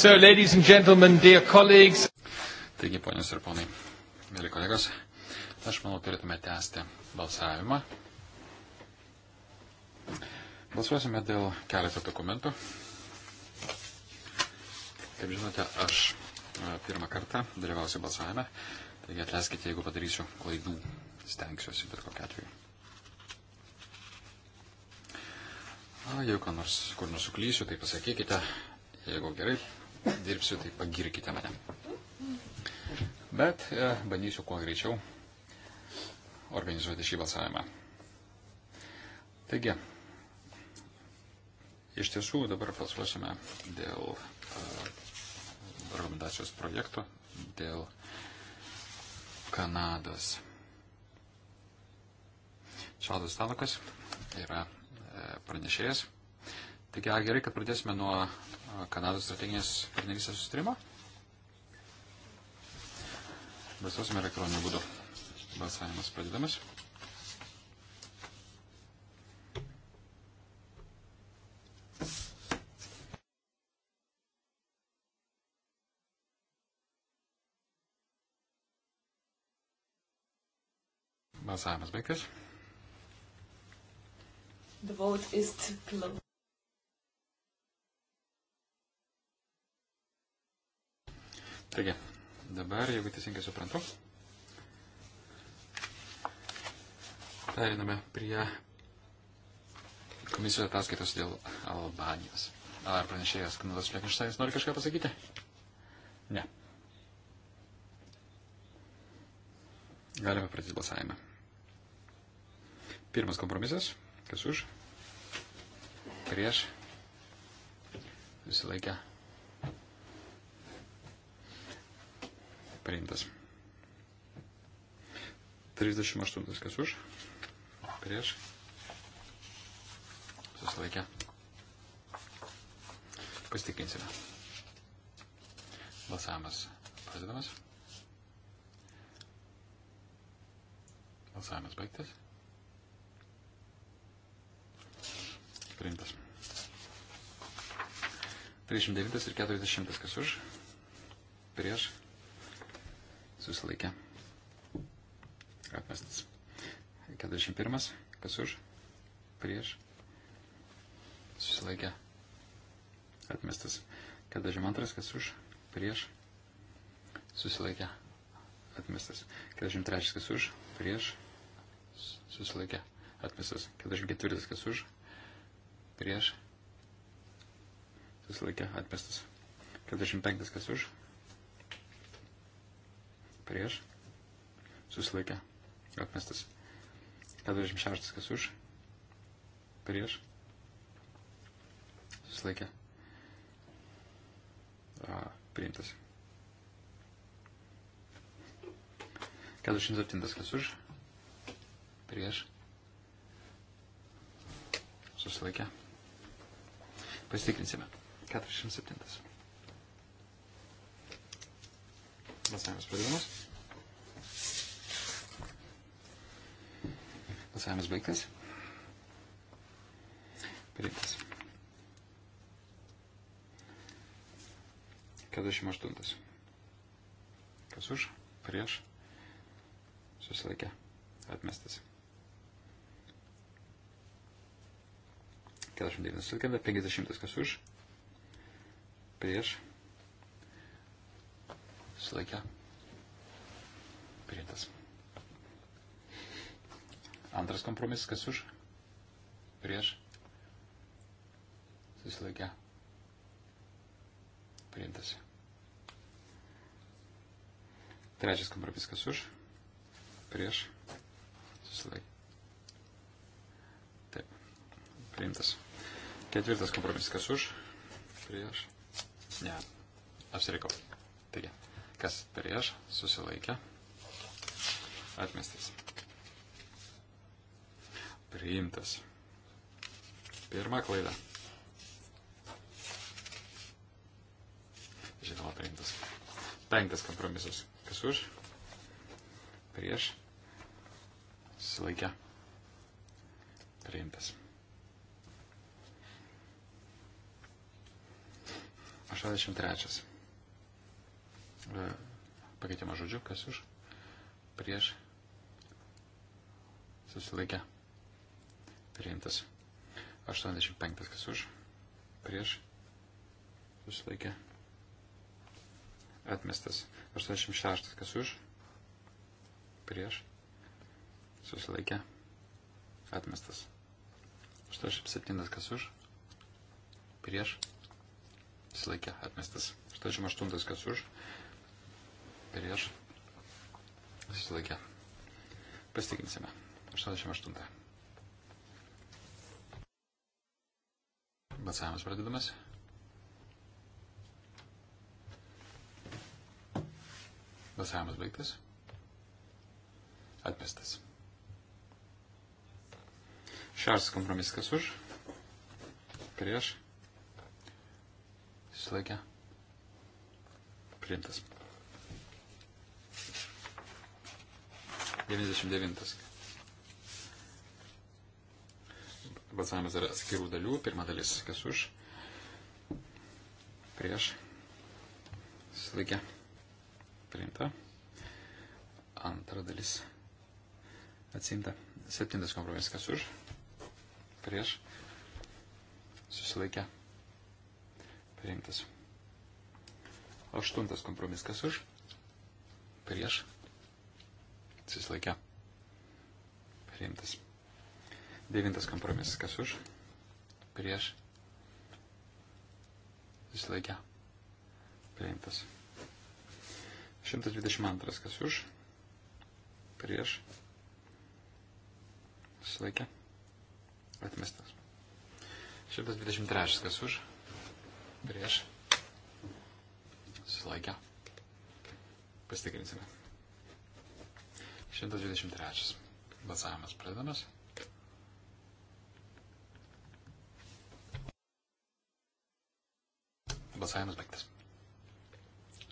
So, ladies and gentlemen, dear colleagues. Taigi, ponios ir ponai, mėly kolegos, aš manau, turėtume tęsti balsavimą. Balsuosime dėl keletą dokumentų. Kaip žinote, aš e, pirmą kartą dalyvausiu balsavime, taigi atleiskite, jeigu padarysiu klaidų, stengsiuosi bet kokiu atveju. Na, jeigu ką nors kur nusuklysiu, tai pasakykite, jeigu gerai dirbsiu, tai pagirkite mane. Bet e, bandysiu kuo greičiau organizuoti šį balsavimą. Taigi, iš tiesų dabar balsuosime dėl e, rekomendacijos projekto, dėl Kanados. Šaldas Talakas yra e, pranešėjas. Taigi, gerai, kad pradėsime nuo Kanados strateginės partnerystės sustarimą. Balsuosime elektroniniu būdu. Balsavimas pradedamas. Balsavimas baigtas. The vote is to close. Taigi, dabar, jeigu teisingai suprantu, periname prie komisijos ataskaitos dėl Albanijos. Ar pranešėjas Kanadas Lekinštainis nori kažką pasakyti? Ne. Galime pradėti balsavimą. Pirmas kompromisas. Kas už? Prieš. Susilaikę priimtas. 38 kas už, prieš, susilaikę. Pasitikinsime. Balsavimas pradedamas. Balsavimas baigtas. Priimtas. 39 ir 40 kas už, prieš, susilaikė. Atmestas. 41. Kas už? Prieš. Susilaikė. Atmestas. 42. Kas už? Prieš. Susilaikė. Atmestas. 43. Kas už? Prieš. Susilaikė. Atmestas. 44. Kas už? Prieš. Susilaikė. Atmestas. 45. Kas už? prieš, susilaikė, atmestas. 46 kas už, prieš, susilaikė, a, priimtas. 47 kas už, prieš, susilaikė. Pasitikrinsime. 47. Balsavimas pradėjimas. Balsavimas baigtas. Priimtas. 48. Kas už, prieš, susilaikė, atmestas. 49 susilaikė, 50 kas už, prieš, susilaikė Slaikia. Priimtas. Antras kompromisas, kas už? Prieš. Susilaikę. Priimtas. Trečias kompromisas, kas už? Prieš. Susilaikę. Taip. Priimtas. Ketvirtas kompromisas, kas už? Prieš. Ne. Apsirikau. Taigi kas prieš, susilaikė, atmestas. Priimtas. Pirma klaida. Žinoma, priimtas. Penktas kompromisas. Kas už? Prieš. Susilaikė. Priimtas. 63. E, Pakeitimo žodžiu, kas už, prieš, susilaikę, priimtas. 85 kas už, prieš, susilaikę, atmestas. 86 kas už, prieš, susilaikę, atmestas. 87 kas už, prieš, susilaikę, atmestas. 88 kas už, prieš, prieš susilaikė. Pasitikinsime. 88. Balsavimas pradedamas. Balsavimas baigtas. Atmestas. Šeštas kompromisas kas už? Prieš. Susilaikė. Priimtas. 99. Balsavimas yra atskirų dalių. Pirma dalis, kas už, prieš, susilaikė, priimta. Antra dalis, atsimta. Septintas kompromisas, kas už, prieš, susilaikė, priimtas. Aštuntas kompromisas, kas už, prieš, susilaikė susilaikė priimtas. Devintas kompromisas, kas už, prieš, susilaikė priimtas. 122, kas už, prieš, susilaikė atmestas. 123, kas už, prieš, susilaikė. Pasitikrinsime. 123. Balsavimas pradedamas. Balsavimas baigtas.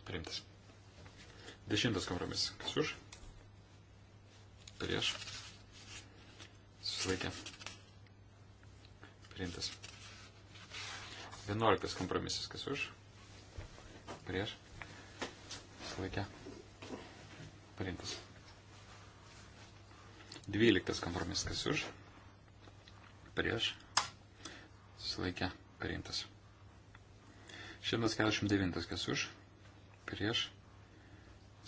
Priimtas. Dešimtas kompromisas. Kas už? Prieš. Susilaikė. Priimtas. Vienuoliktas kompromisas. Kas už? Prieš. Susilaikė. Priimtas. Dvyliktas kompromisas už. Prieš. Susilaikė priimtas. 149 kas už. Prieš.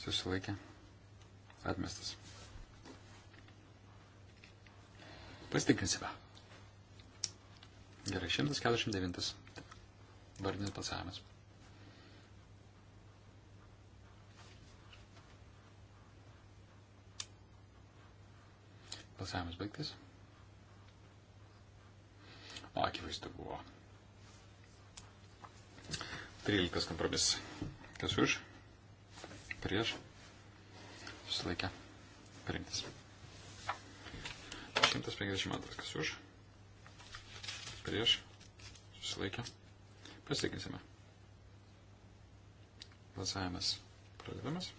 Susilaikė. Atmestas. Pasitikrinsime. Gerai, 149. Vardinis balsavimas. Balsavimas baigtas. O, akivaizdu buvo. 13 kompromisas. Kas už? Prieš? Susilaikė. Priimtas. 152. Kas už? Prieš? Susilaikė. Pasitikinsime. Balsavimas pradedamas.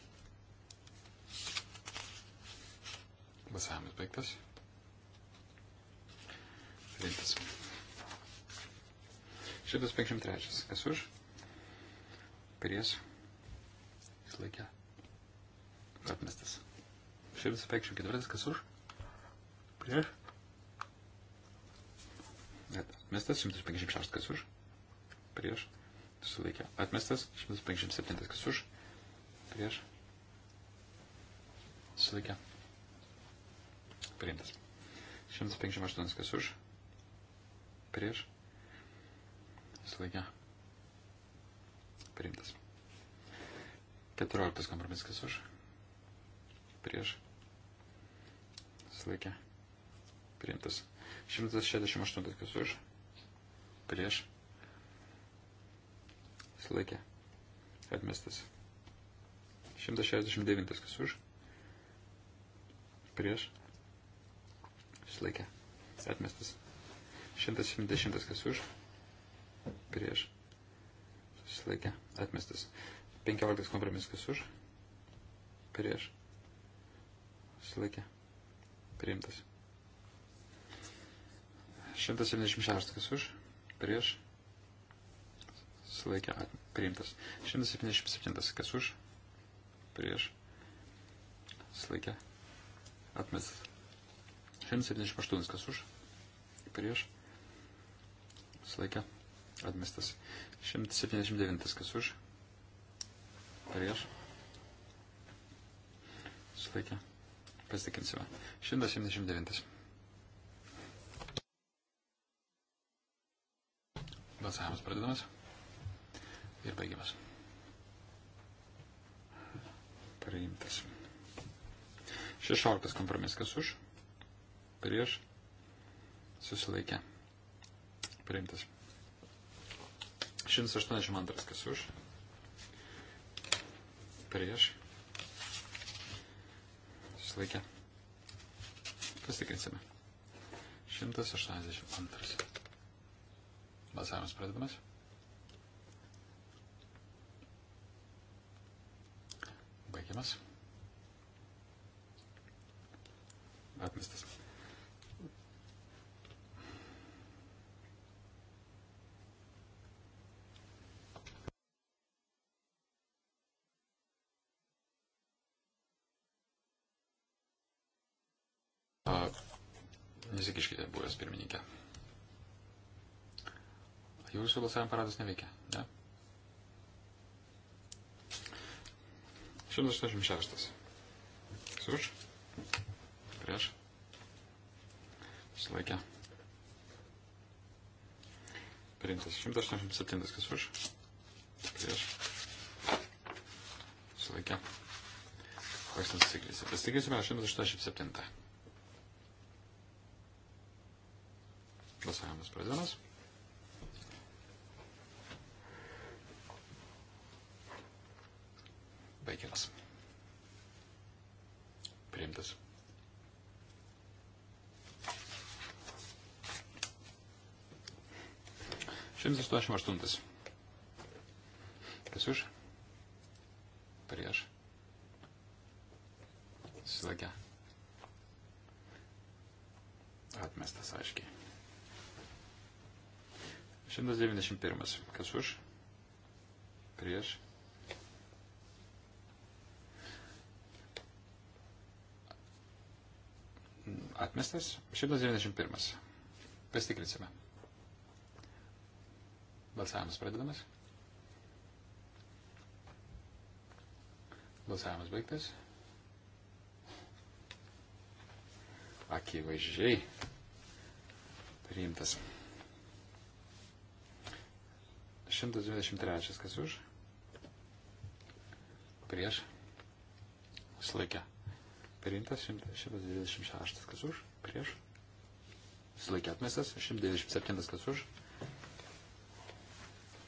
Balsavimas baigtas. Priimtas. 153. Kas už? Prieš. Išlaikė. Atmestas. 154. Kas už? Prieš. Atmestas 156 kas už. Prieš. Sulaikė. Atmestas 157 kas už. Prieš. Sulaikė priimtas. 158 kas už, prieš, slaigia, priimtas. 14 kompromisas kas už, prieš, slaigia, priimtas. 168 kas už, prieš, slaigia, atmestas. 169 kas už, prieš, Išlaikė. Atmestas. 170 kas už. Prieš. Susilaikė. Atmestas. 15 kompromis kas už. Prieš. Susilaikė. Priimtas. 176 kas už. Prieš. Susilaikė. Priimtas. 177 kas už. Prieš. Susilaikė. Atmestas. 178 kas už, prieš, sulaikė, atmestas. 179 kas už, prieš, sulaikė, pasitikinsime. 179. Balsavimas pradedamas ir baigiamas. Priimtas. 16 kompromisas už prieš, susilaikė, priimtas. 182 kas už, prieš, susilaikė, pasitikrinsime. 182. Balsavimas pradedamas. Baigiamas. Atmestas. Nesikiškite, buvęs pirmininkė. Jūsų balsavimo aparatas neveikia, ne? 186. Suž? Prieš? Išlaikė. Priimtas 187. Kas už? Prieš? Išlaikė. Koks nesusiklysi? Pasitikėsime 187. Balsavimas pradedamas. Baigiamas. Priimtas. Šimtas aštuoniasdešimt aštuntas. Kas už? 91. Kas už? Prieš. Atmestas. 191. Pasitikrinsime. Balsavimas pradedamas. Balsavimas baigtas. Akivaizdžiai priimtas. 123 kas už. Prieš. Slaikę. Priimtas 126 kas už. Prieš. Slaikę atmestas 197 kas už.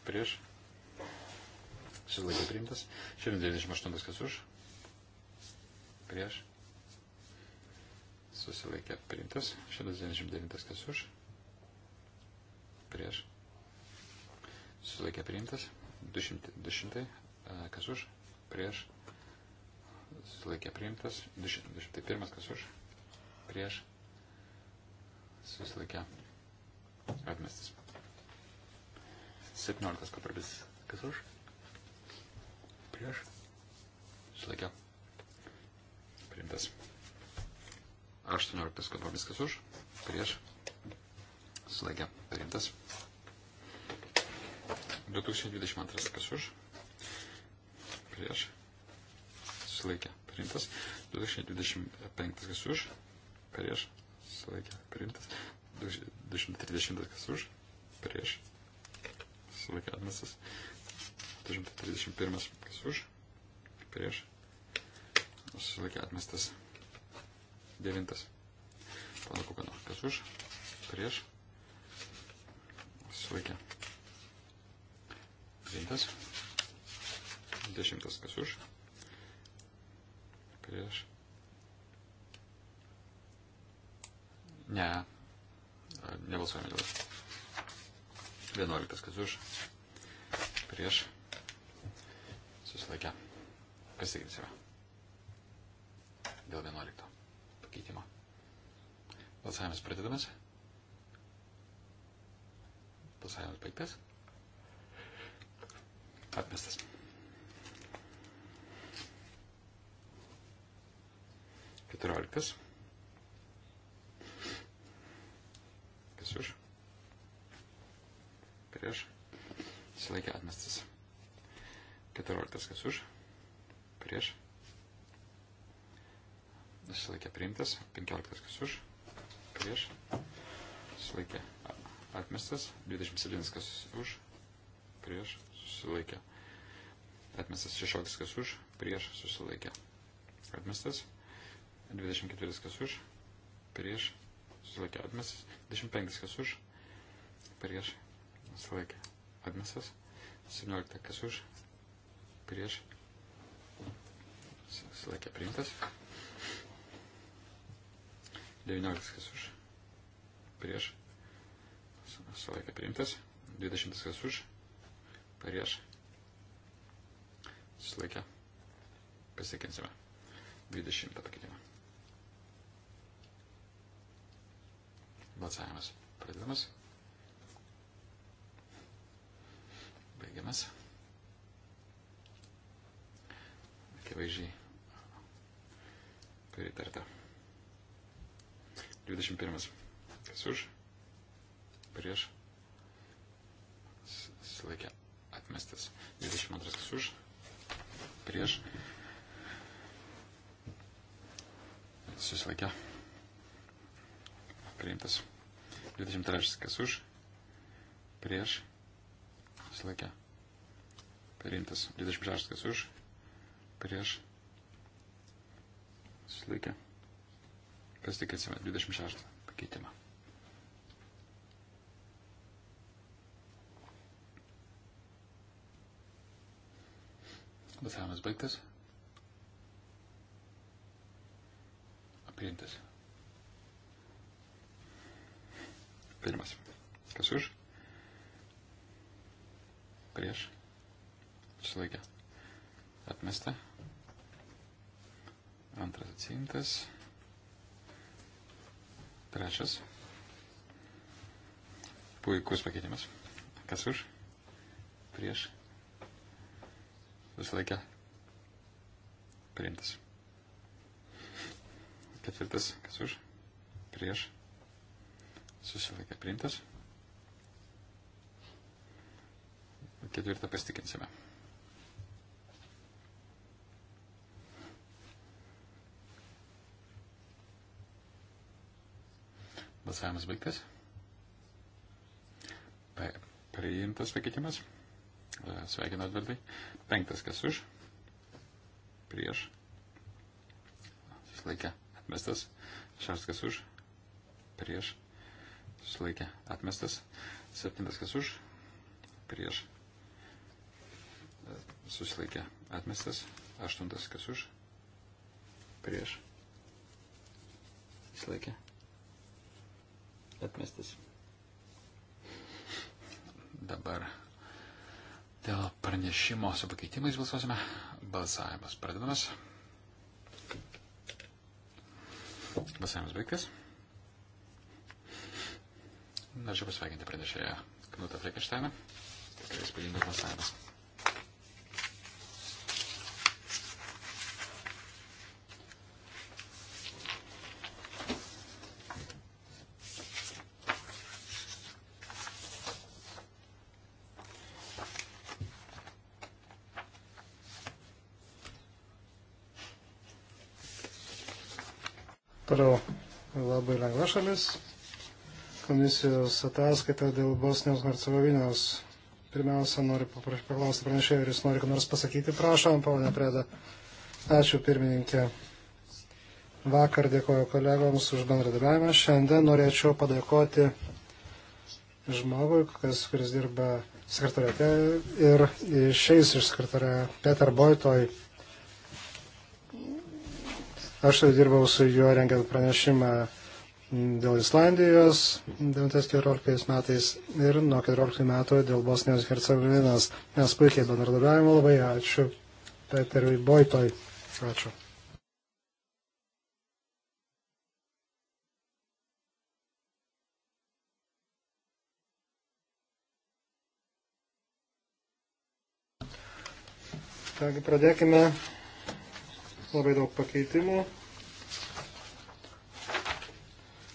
Prieš. Šis laikas priimtas. 198 kas už. Prieš. Susilaikė priimtas. 199 kas už. Prieš susilaikė priimtas, 200, e, kas už, prieš, susilaikė priimtas, 201, kas už, prieš, susilaikė atmestas. 17 kaprabis, kas už, prieš, susilaikė priimtas. 18 kaprabis, kas už, prieš, susilaikė priimtas. 2022 kas už, prieš, susilaikė, priimtas. 2025 kas už, prieš, susilaikė, priimtas. 230 kas už, prieš, susilaikė, atmestas. 231 kas už, prieš, susilaikė, atmestas. 9. Pana Kukano, kas už, prieš, susilaikė, priimtas. Dešimtas kas už. Prieš. Ne. Nebalsuojame dabar. Vienuoliktas kas už. Prieš. Susilaikę. Pasitikrinsime. Tai Dėl vienuolikto pakeitimo. Balsavimas pradedamas. Balsavimas baigtas. Atmestas. Keturioliktas. Kas už? Prieš. Silaikė atmestas. Keturioliktas kas už? Prieš. Susilaikė priimtas. Penkioliktas kas už? Prieš. Susilaikė atmestas. Dvidešimt septynis kas už? Prieš susilaikė. Atmestas 16 kas už, prieš susilaikė. Atmestas 24 kas už, prieš susilaikė. Atmestas 25 kas už, prieš susilaikė. Atmestas 17 kas už, prieš susilaikė. Priimtas 19 kas už, prieš susilaikė. Priimtas 20 kas už, prieš susilaikę pasiekinsime 20 pakeitimą. Balsavimas pradedamas. Baigiamas. Akivaizdžiai pritarta. 21. Kas už? Prieš? Sulaikė atmestas. 22 kas už, prieš, susilaikė, priimtas. 23 kas už, prieš, susilaikė, priimtas. 26 kas už, prieš, susilaikė. Pasitikėsime 26 pakeitimą. Balsavimas baigtas. Priimtas. Pirmas. Kas už? Prieš. Susilaikė. Atmesta. Antras atsiimtas. Trečias. Puikus pakeitimas. Kas už? Prieš visą laikę priimtas. Ketvirtas, kas už, prieš, susilaikė priimtas. Ketvirtą pasitikinsime. Balsavimas baigtas. Priimtas pakeitimas. Sveikinu Edvardai. Penktas kas už. Prieš. Susilaikė atmestas. Šeštas kas už. Prieš. Susilaikė atmestas. Septintas kas už. Prieš. Susilaikė atmestas. Aštuntas kas už. Prieš. Susilaikė atmestas. Dabar Dėl pranešimo su pakeitimais balsuosime. Balsavimas pradedamas. Balsavimas baigtas. Norėčiau pasveikinti pranešėją Knutą Flekenšteiną. Tikrai įspūdingas balsavimas. šalis. Komisijos ataskaita dėl Bosnijos Hercegovinos. Pirmiausia, noriu paklausti pranešėjų, ar jis nori ką nors pasakyti. Prašom, ponė Preda. Ačiū, pirmininkė. Vakar dėkoju kolegoms už bendradarbiavimą. Šiandien norėčiau padėkoti žmogui, kas, kuris dirba sekretoriate ir išeis iš sekretorė Peter Boitoj. Aš tai dirbau su juo rengiant pranešimą dėl Islandijos 2014 metais ir nuo 14 metų dėl Bosnijos Hercegovinos. Mes puikiai bendradarbiavimo labai ačiū Peteriui Boitoj. Ačiū. Taigi pradėkime. Labai daug pakeitimų.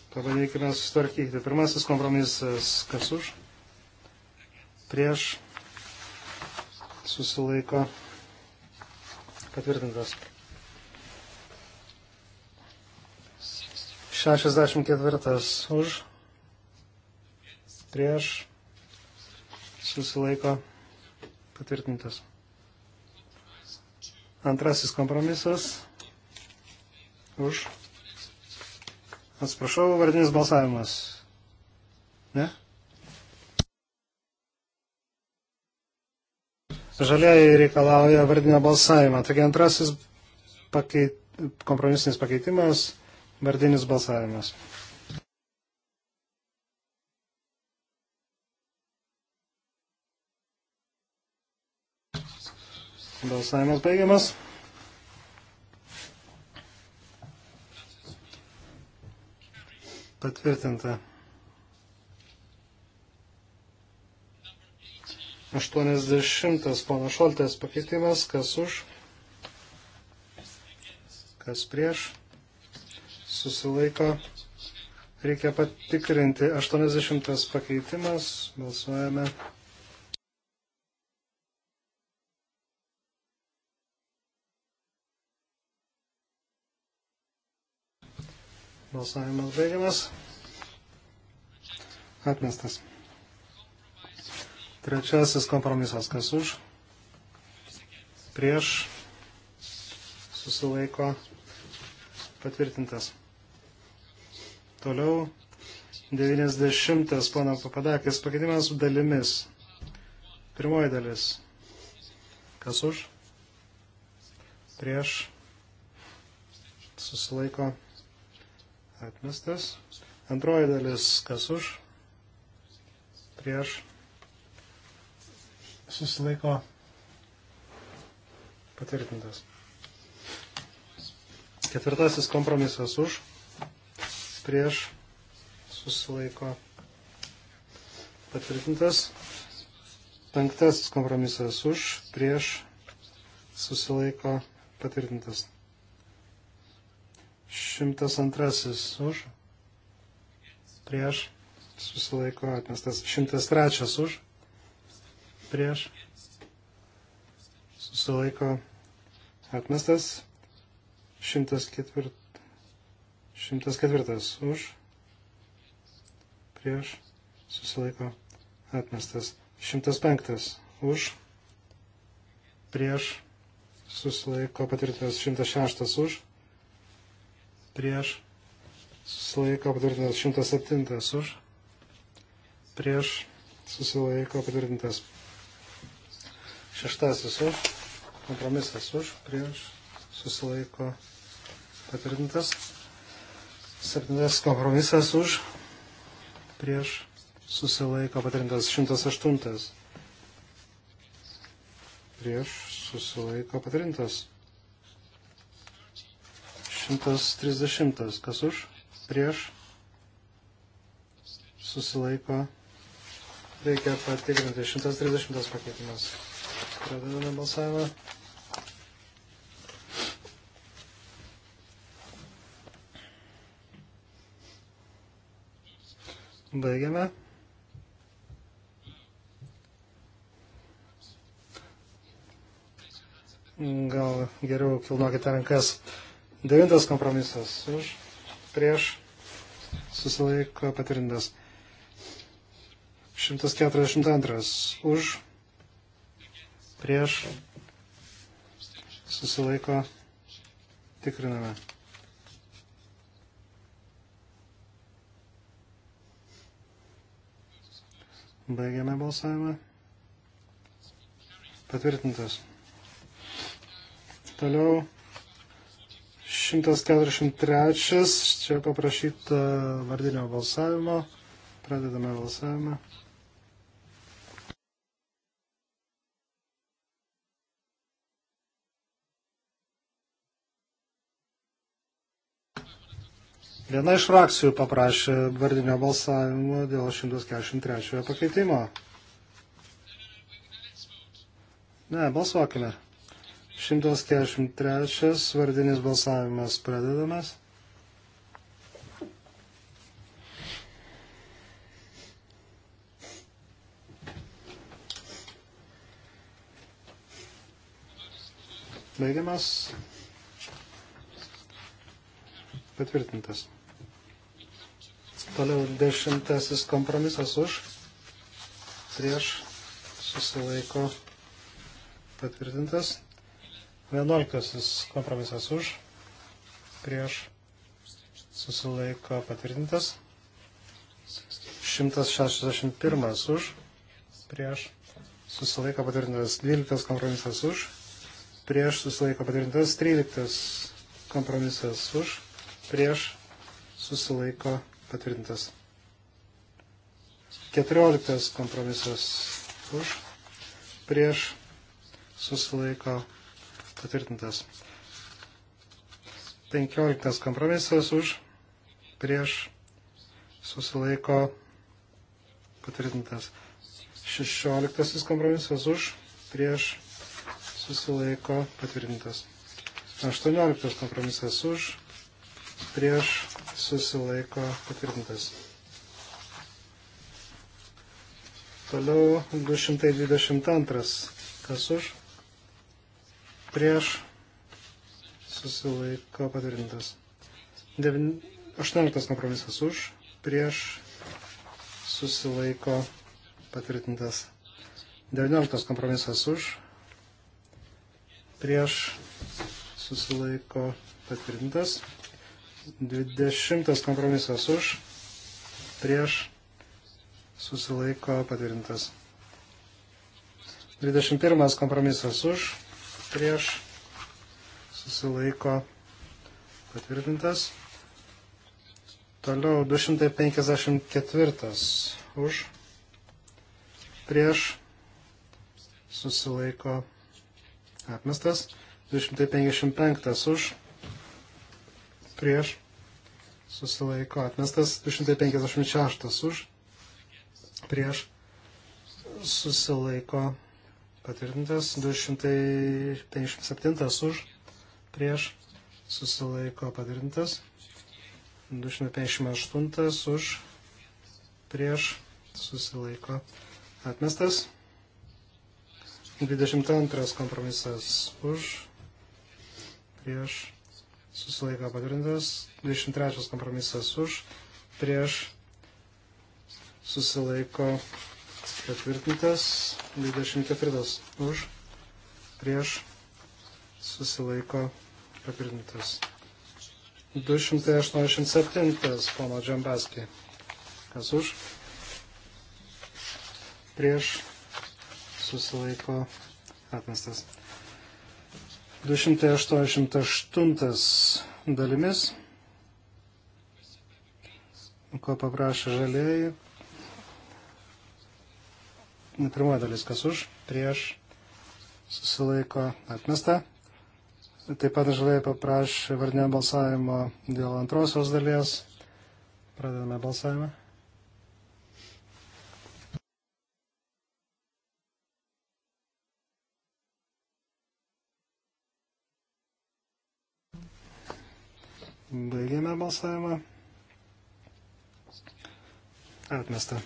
Pabandykime sutvarkyti. Pirmasis kompromisas, kas už, prieš, susilaiko, patvirtintas. 64 už, prieš, susilaiko, patvirtintas. Antrasis kompromisas, už, prieš Atsiprašau, vardinis balsavimas. Ne? Žalieji reikalauja vardinio balsavimą. Taigi antrasis pakeit, kompromisinis pakeitimas - vardinis balsavimas. Balsavimas baigiamas. patvirtinta. 80 pono Šoltės pakeitimas, kas už, kas prieš, susilaiko, reikia patikrinti. 80 pakeitimas, balsuojame. Balsavimas baigiamas. Atmestas. Trečiasis kompromisas. Kas už? Prieš. Susilaiko. Patvirtintas. Toliau. 90. Pono Papadakis pakeitimas dalimis. Pirmoji dalis. Kas už? Prieš. Susilaiko. Susilaiko atmestas. Antroji dalis, kas už, prieš, susilaiko patvirtintas. Ketvirtasis kompromisas už, prieš, susilaiko patvirtintas. Penktasis kompromisas už, prieš, susilaiko patvirtintas. 102 už, prieš, susilaiko atmestas. 103 už, prieš, susilaiko atmestas. 104, 104 už, prieš, susilaiko atmestas. 105 už, prieš, susilaiko patvirtintas 106 už, prieš, susilaiko patvirtintas 107 už, prieš, susilaiko patvirtintas 6 už, kompromisas už, prieš, susilaiko patvirtintas 7 kompromisas už, prieš, susilaiko patvirtintas 108 prieš, susilaiko patvirtintas 130. Kas už? Prieš? Susilaiko. Reikia patikrinti. 130 pakeitimas. Pradedame balsavimą. Baigiame. Gal geriau kilnokite rankas. Devintas kompromisas už prieš susilaiko patvirtintas. 142 už prieš susilaiko tikriname. Baigiame balsavimą. Patvirtintas. Toliau 143. Čia paprašyta vardinio balsavimo. Pradedame balsavimą. Viena iš frakcijų paprašė vardinio balsavimo dėl 143 pakeitimo. Ne, balsuokime. 143 vardinis balsavimas pradedamas. Baigiamas. Patvirtintas. Toliau dešimtasis kompromisas už. Prieš susilaiko patvirtintas. 11 kompromisas už, prieš susilaiko patvirtintas. 161 už, prieš susilaiko patvirtintas. 12 kompromisas už, prieš susilaiko patvirtintas. 13 kompromisas už, prieš susilaiko patvirtintas. 14 kompromisas už, prieš susilaiko patvirtintas patvirtintas. 15 kompromisas už, prieš, susilaiko, patvirtintas. 16 kompromisas už, prieš, susilaiko, patvirtintas. 18 kompromisas už, prieš, susilaiko, patvirtintas. Toliau 222, kas už, prieš susilaiko patvirtintas. 18 kompromisas už, prieš susilaiko patvirtintas. 19 kompromisas už, prieš susilaiko patvirtintas. 20 kompromisas už, prieš susilaiko patvirtintas. 21 kompromisas už, prieš susilaiko patvirtintas. Toliau 254 už prieš susilaiko atmestas. 255 už prieš susilaiko atmestas. 256 už prieš susilaiko atmestas patvirtintas, 257 už, prieš, susilaiko patvirtintas, 258 už, prieš, susilaiko atmestas, 22 kompromisas už, prieš, susilaiko patvirtintas, 23 kompromisas už, prieš, susilaiko patvirtintas. 24 už, prieš, susilaiko patvirtintas. 287 pono Džambaskį. Kas už? Prieš susilaiko atmestas. 288 dalimis, ko paprašė žalėjai, Pirmoji dalis, kas už, prieš, susilaiko atmesta. Taip pat žaliai paprašė vardinio balsavimo dėl antrosios dalies. Pradedame balsavimą. Baigėme balsavimą. Atmesta.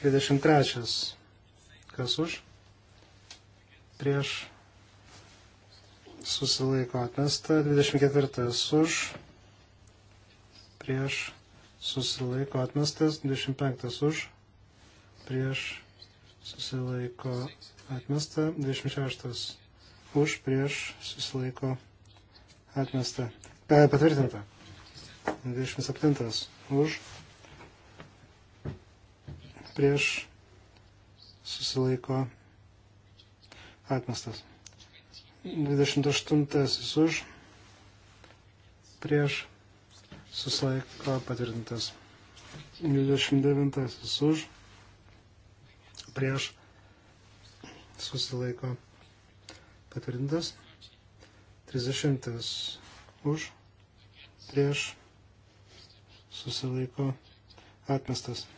33. Kas už? Prieš susilaiko atmesta. 24. Už. Prieš susilaiko atmestas. 25. Už. Prieš susilaiko atmesta. 26. Už. Prieš susilaiko atmesta. E, patvirtinta. 27. Už prieš susilaiko atmestas. 28 už prieš susilaiko patvirtintas. 29 už prieš susilaiko patvirtintas. 30 už prieš susilaiko atmestas.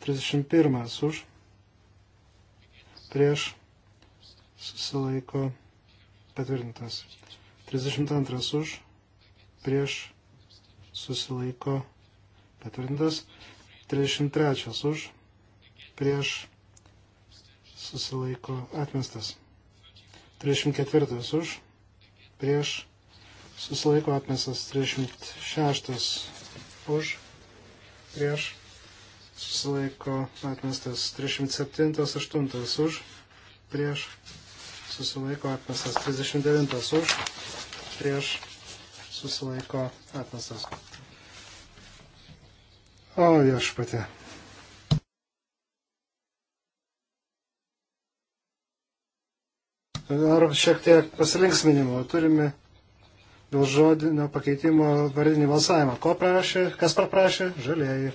31 už, prieš, susilaiko, patvirtintas. 32 už, prieš, susilaiko, patvirtintas. 33 už, prieš, susilaiko, atmestas. 34 už, prieš, susilaiko, atmestas. 36 už, prieš, susilaiko atmestas 37, 8 už, prieš susilaiko atmestas 39 už, prieš susilaiko atmestas. O, aš pati. Ar šiek tiek pasilinksminimo turime dėl žodinio pakeitimo vardinį balsavimą. Ko prašė, kas paprašė? Žalėjai.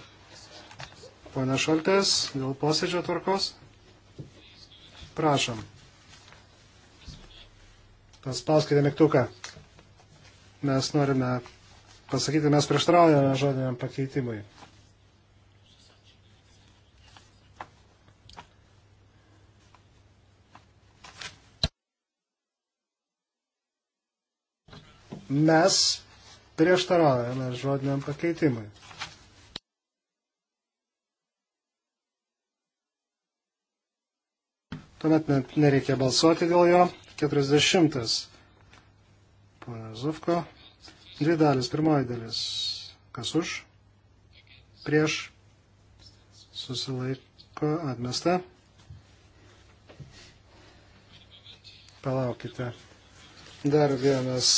Pone Šaltės, dėl posėdžio tvarkos. Prašom. Paspauskite mygtuką. Mes norime pasakyti, mes prieštraujame žodiniam pakeitimui. Mes prieštaraujame žodiniam pakeitimui. Tuomet nereikia balsuoti dėl jo. 40. Pone Zufko. Dvi dalis. Pirmoji dalis. Kas už? Prieš. Susilaiko. Atmesta. Palaukite. Dar vienas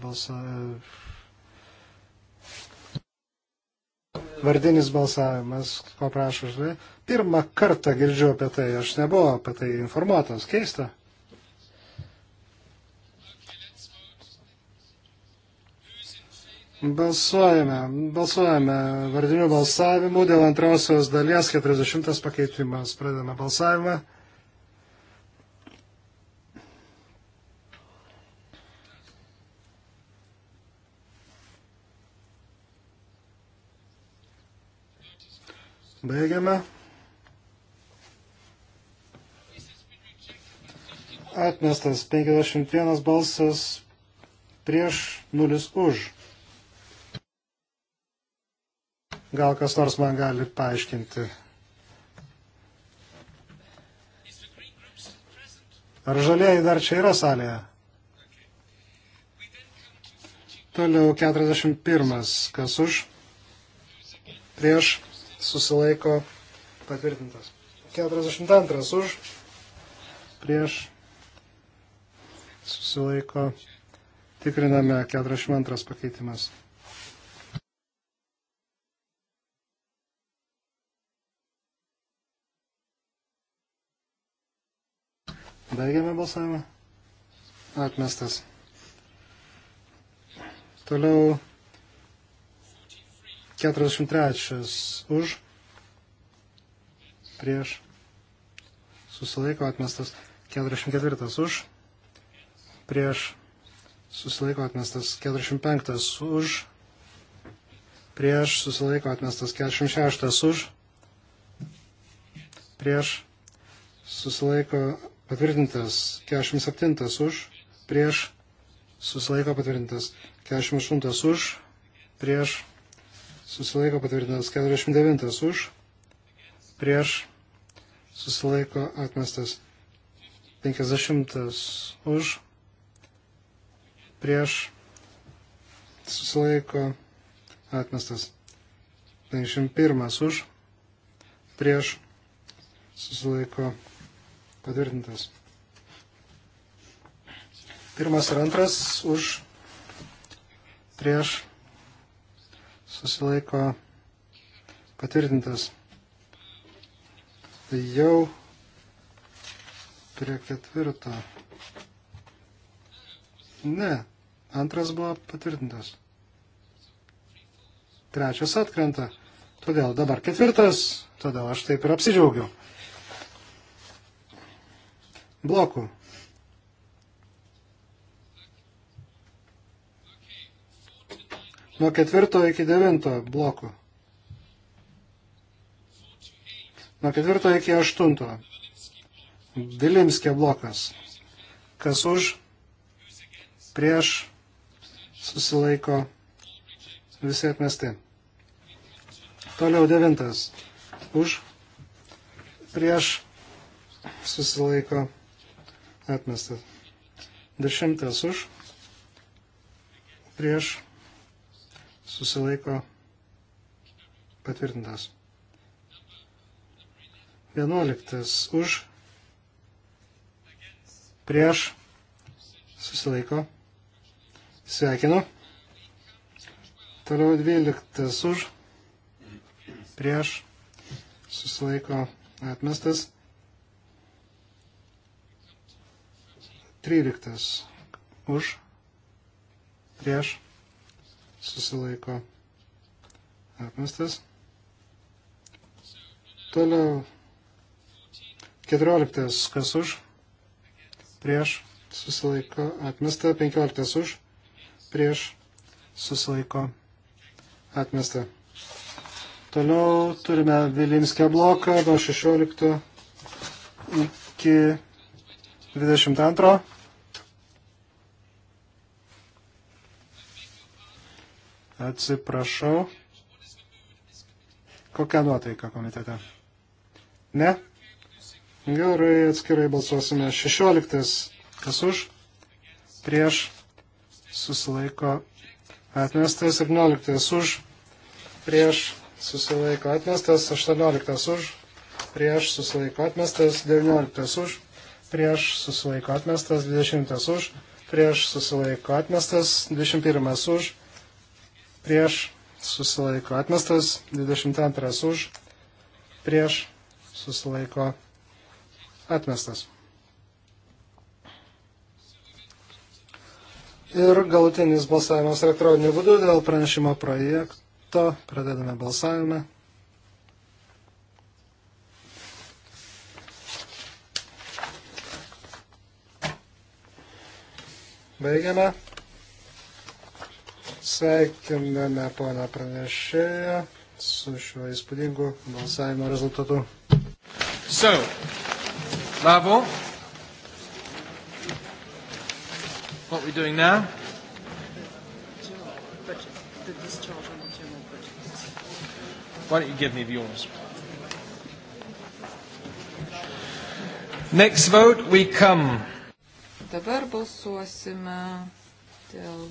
balsavimas vardinis balsavimas, ko prašau, žinai. Pirmą kartą girdžiu apie tai, aš nebuvau apie tai informuotas, keista. Balsuojame, balsuojame vardiniu balsavimu dėl antrosios dalies 40 pakeitimas. Pradedame balsavimą. Baigiame. Atmestas 51 balsas prieš 0 už. Gal kas nors man gali paaiškinti. Ar žalieji dar čia yra salėje? Toliau 41. Kas už? Prieš susilaiko patvirtintas. 42 už, prieš susilaiko tikriname 42 pakeitimas. Baigiame balsavimą. Atmestas. Toliau 43 už, prieš, susilaiko atmestas. 44 už, prieš, susilaiko atmestas. 45 už, prieš, susilaiko atmestas. 46 už, prieš, susilaiko patvirtintas. 47 už, prieš, susilaiko patvirtintas. 48 už, prieš, susilaiko patvirtintas 49 už, prieš susilaiko atmestas 50 už, prieš susilaiko atmestas 51 už, prieš susilaiko patvirtintas. Pirmas ir antras už prieš susilaiko patvirtintas. Jau prie ketvirto. Ne, antras buvo patvirtintas. Trečias atkrenta. Todėl dabar ketvirtas, todėl aš taip ir apsidžiaugiau. Blokų nuo ketvirto iki devinto blokų. Nuo ketvirto iki aštunto. Vilimskė blokas. Kas už, prieš, susilaiko, visi atmesti. Toliau devintas. Už, prieš, susilaiko, atmestas. Dešimtas už, prieš, susilaiko patvirtintas. 11 už, prieš, susilaiko, sveikinu. Toliau 12 už, prieš, susilaiko, atmestas. 13 už, prieš, susilaiko atmestas. Toliau 14 kas už, prieš susilaiko atmesta, 15 už, prieš susilaiko atmesta. Toliau turime Vilinskio bloką nuo 16 iki 22 Atsiprašau. Kokia nuotaika komitete? Ne? Gerai, atskirai balsuosime. 16. Kas už? Prieš. Susilaiko. Atmestas 17. Už. Prieš. Susilaiko. Atmestas 18. Už. Prieš. Susilaiko. Atmestas 19. Už. Prieš. Susilaiko. Atmestas 20. Už. Prieš. Susilaiko. Atmestas 21. Už prieš susilaiko atmestas, 22 už, prieš susilaiko atmestas. Ir galutinis balsavimas elektroniniu būdu dėl pranešimo projekto. Pradedame balsavimą. Baigiame. Sveikiname poną pranešėją su šiuo įspūdingu balsavimo rezultatu. So, bravo. What are we doing now? Why don't you give me yours? Next vote, we come. Dabar balsuosime dėl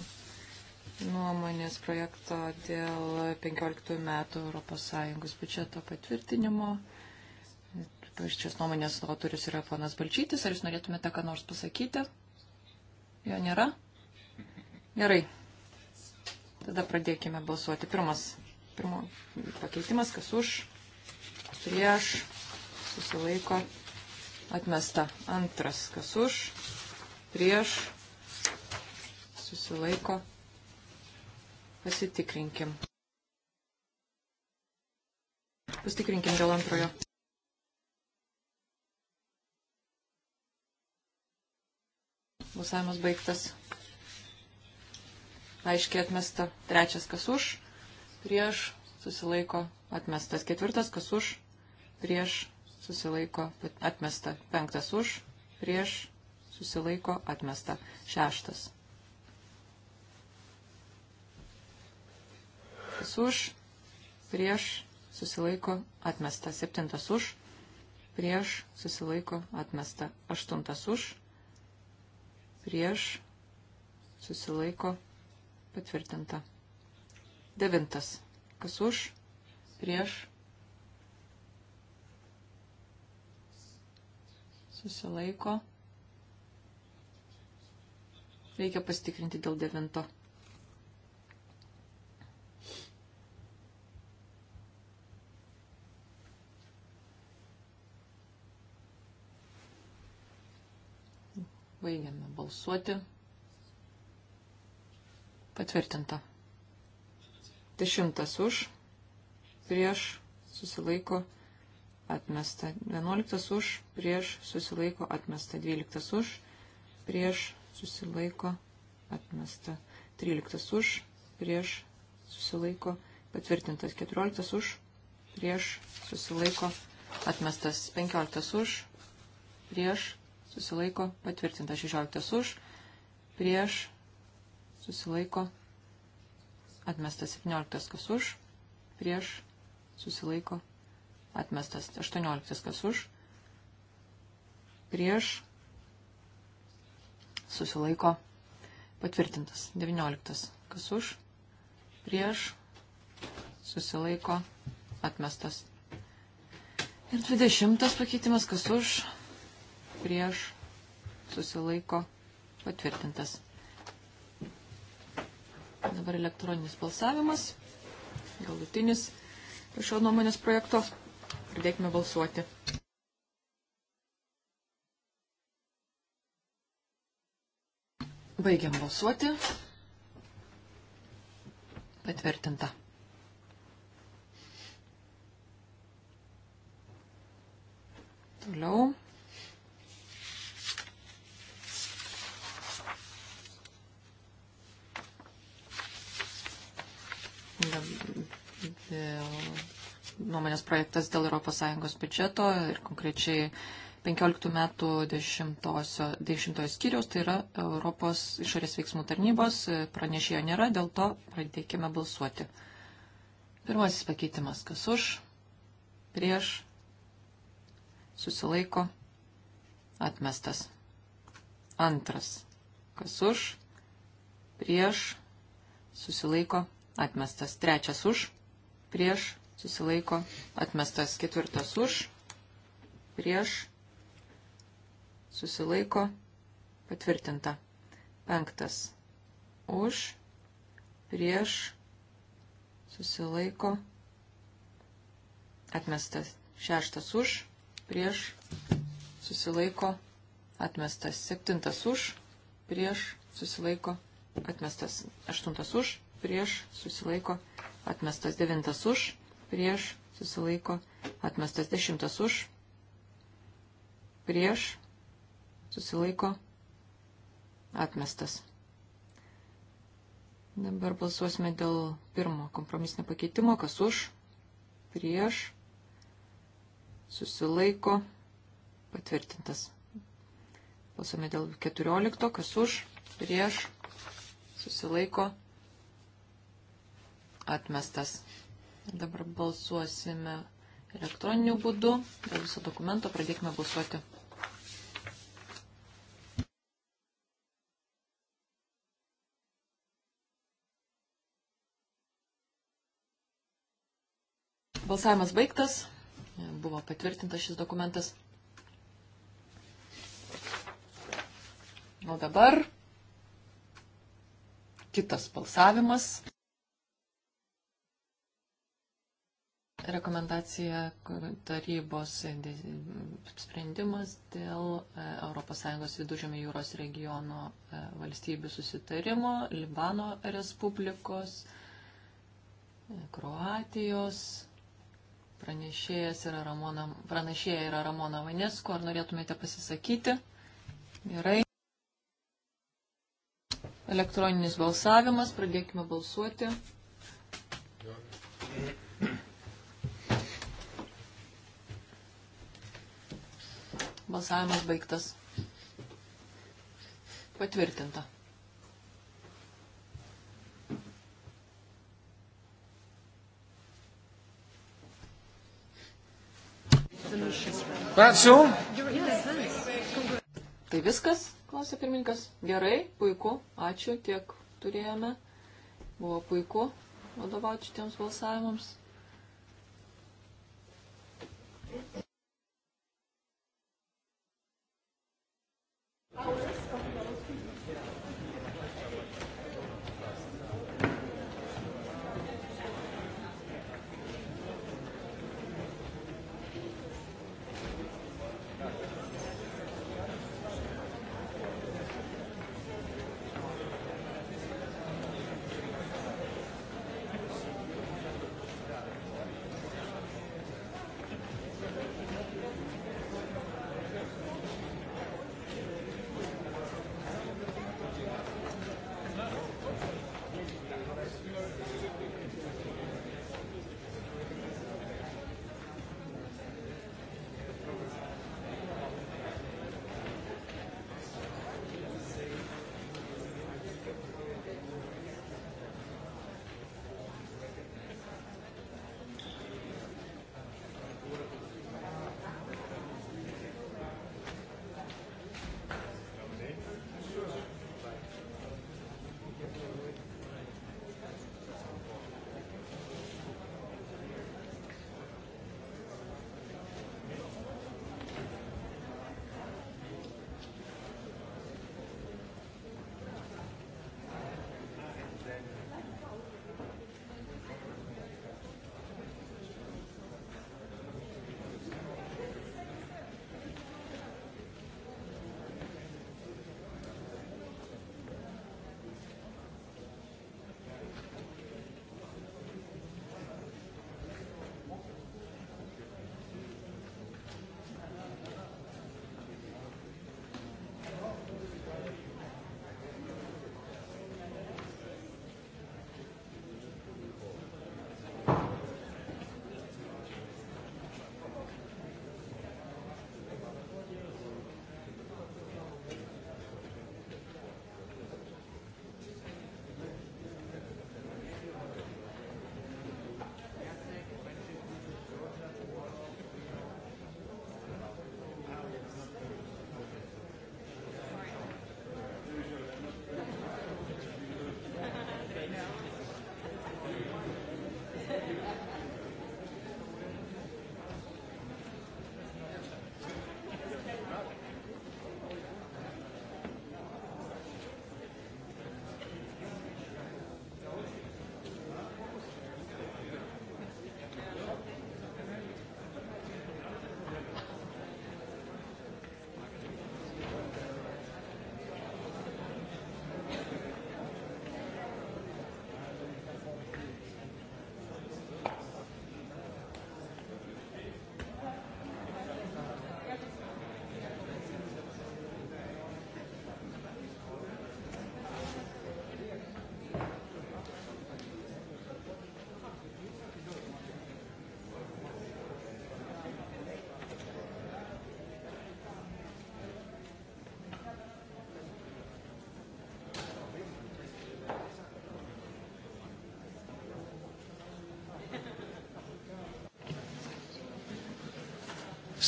nuomonės projekto dėl 15 metų ES biudžeto patvirtinimo. Šios nuomonės autorius yra ponas Balčytis. Ar jūs norėtumėte ką nors pasakyti? Jo nėra? Gerai. Tada pradėkime balsuoti. Pirmas pirmo, pakeitimas, kas už, prieš, susilaiko, atmesta. Antras, kas už, prieš, susilaiko, atmesta Pasitikrinkim. Pasitikrinkim dėl antrojo. Balsavimas baigtas. Aiškiai atmesta. Trečias kas už, prieš, susilaiko, atmestas. Ketvirtas kas už, prieš, susilaiko, atmesta. Penktas už, prieš, susilaiko, atmesta. Šeštas kas už, prieš, susilaiko, atmesta. Septintas už, prieš, susilaiko, atmesta. Aštuntas už, prieš, susilaiko, patvirtinta. Devintas, kas už, prieš, susilaiko. Reikia pasitikrinti dėl devinto. Baigiame balsuoti. Patvirtinta. Dešimtas už, prieš, susilaiko, atmesta. Vienuoliktas už, prieš, susilaiko, atmesta. Dvyliktas už, prieš, susilaiko, atmesta. Tryliktas už, prieš, susilaiko, patvirtintas. Keturioliktas už, prieš, susilaiko, atmestas. Penkioliktas už, prieš, susilaiko patvirtinta. 16 už, prieš, susilaiko atmestas. 17 kas už, prieš, susilaiko atmestas. 18 kas už, prieš, susilaiko patvirtintas. 19 kas už, prieš, susilaiko atmestas. Ir 20 pakeitimas kas už, prieš prieš susilaiko patvirtintas. Dabar elektroninis balsavimas, galutinis šio nuomonės projekto. Pradėkime balsuoti. Baigiam balsuoti. Patvirtinta. Toliau. nuomonės projektas dėl ES biudžeto ir konkrečiai 15 metų 10, 10 skyriaus, tai yra Europos išorės veiksmų tarnybos, e, pranešėjo nėra, dėl to pradėkime balsuoti. Pirmasis pakeitimas, kas už, prieš, susilaiko, atmestas. Antras, kas už, prieš, susilaiko, atmestas. Trečias už, prieš, susilaiko, atmestas ketvirtas už, prieš, susilaiko, patvirtinta. Penktas už, prieš, susilaiko, atmestas. Šeštas už, prieš, susilaiko, atmestas. Septintas už, prieš, susilaiko, atmestas. Aštuntas už, prieš, susilaiko, atmestas. Devintas už, prieš, susilaiko, atmestas dešimtas už, prieš, susilaiko, atmestas. Dabar balsuosime dėl pirmo kompromisinio pakeitimo, kas už, prieš, susilaiko, patvirtintas. Balsuome dėl 14, kas už, prieš, susilaiko, atmestas. Dabar balsuosime elektroniniu būdu. Dėl viso dokumento pradėkime balsuoti. Balsavimas baigtas. Buvo patvirtintas šis dokumentas. O dabar kitas balsavimas. rekomendacija tarybos sprendimas dėl ES viduržėmio jūros regiono e, valstybių susitarimo Libano Respublikos, e, Kroatijos. Pranešėjas yra Ramona, pranešėja yra Ramona Vanesko. Ar norėtumėte pasisakyti? Gerai. Elektroninis balsavimas. Pradėkime balsuoti. Gerai. Balsavimas baigtas. Patvirtinta. That's all? Tai viskas, klausė pirmininkas. Gerai, puiku, ačiū, tiek turėjome. Buvo puiku vadovauti šitiems balsavimams.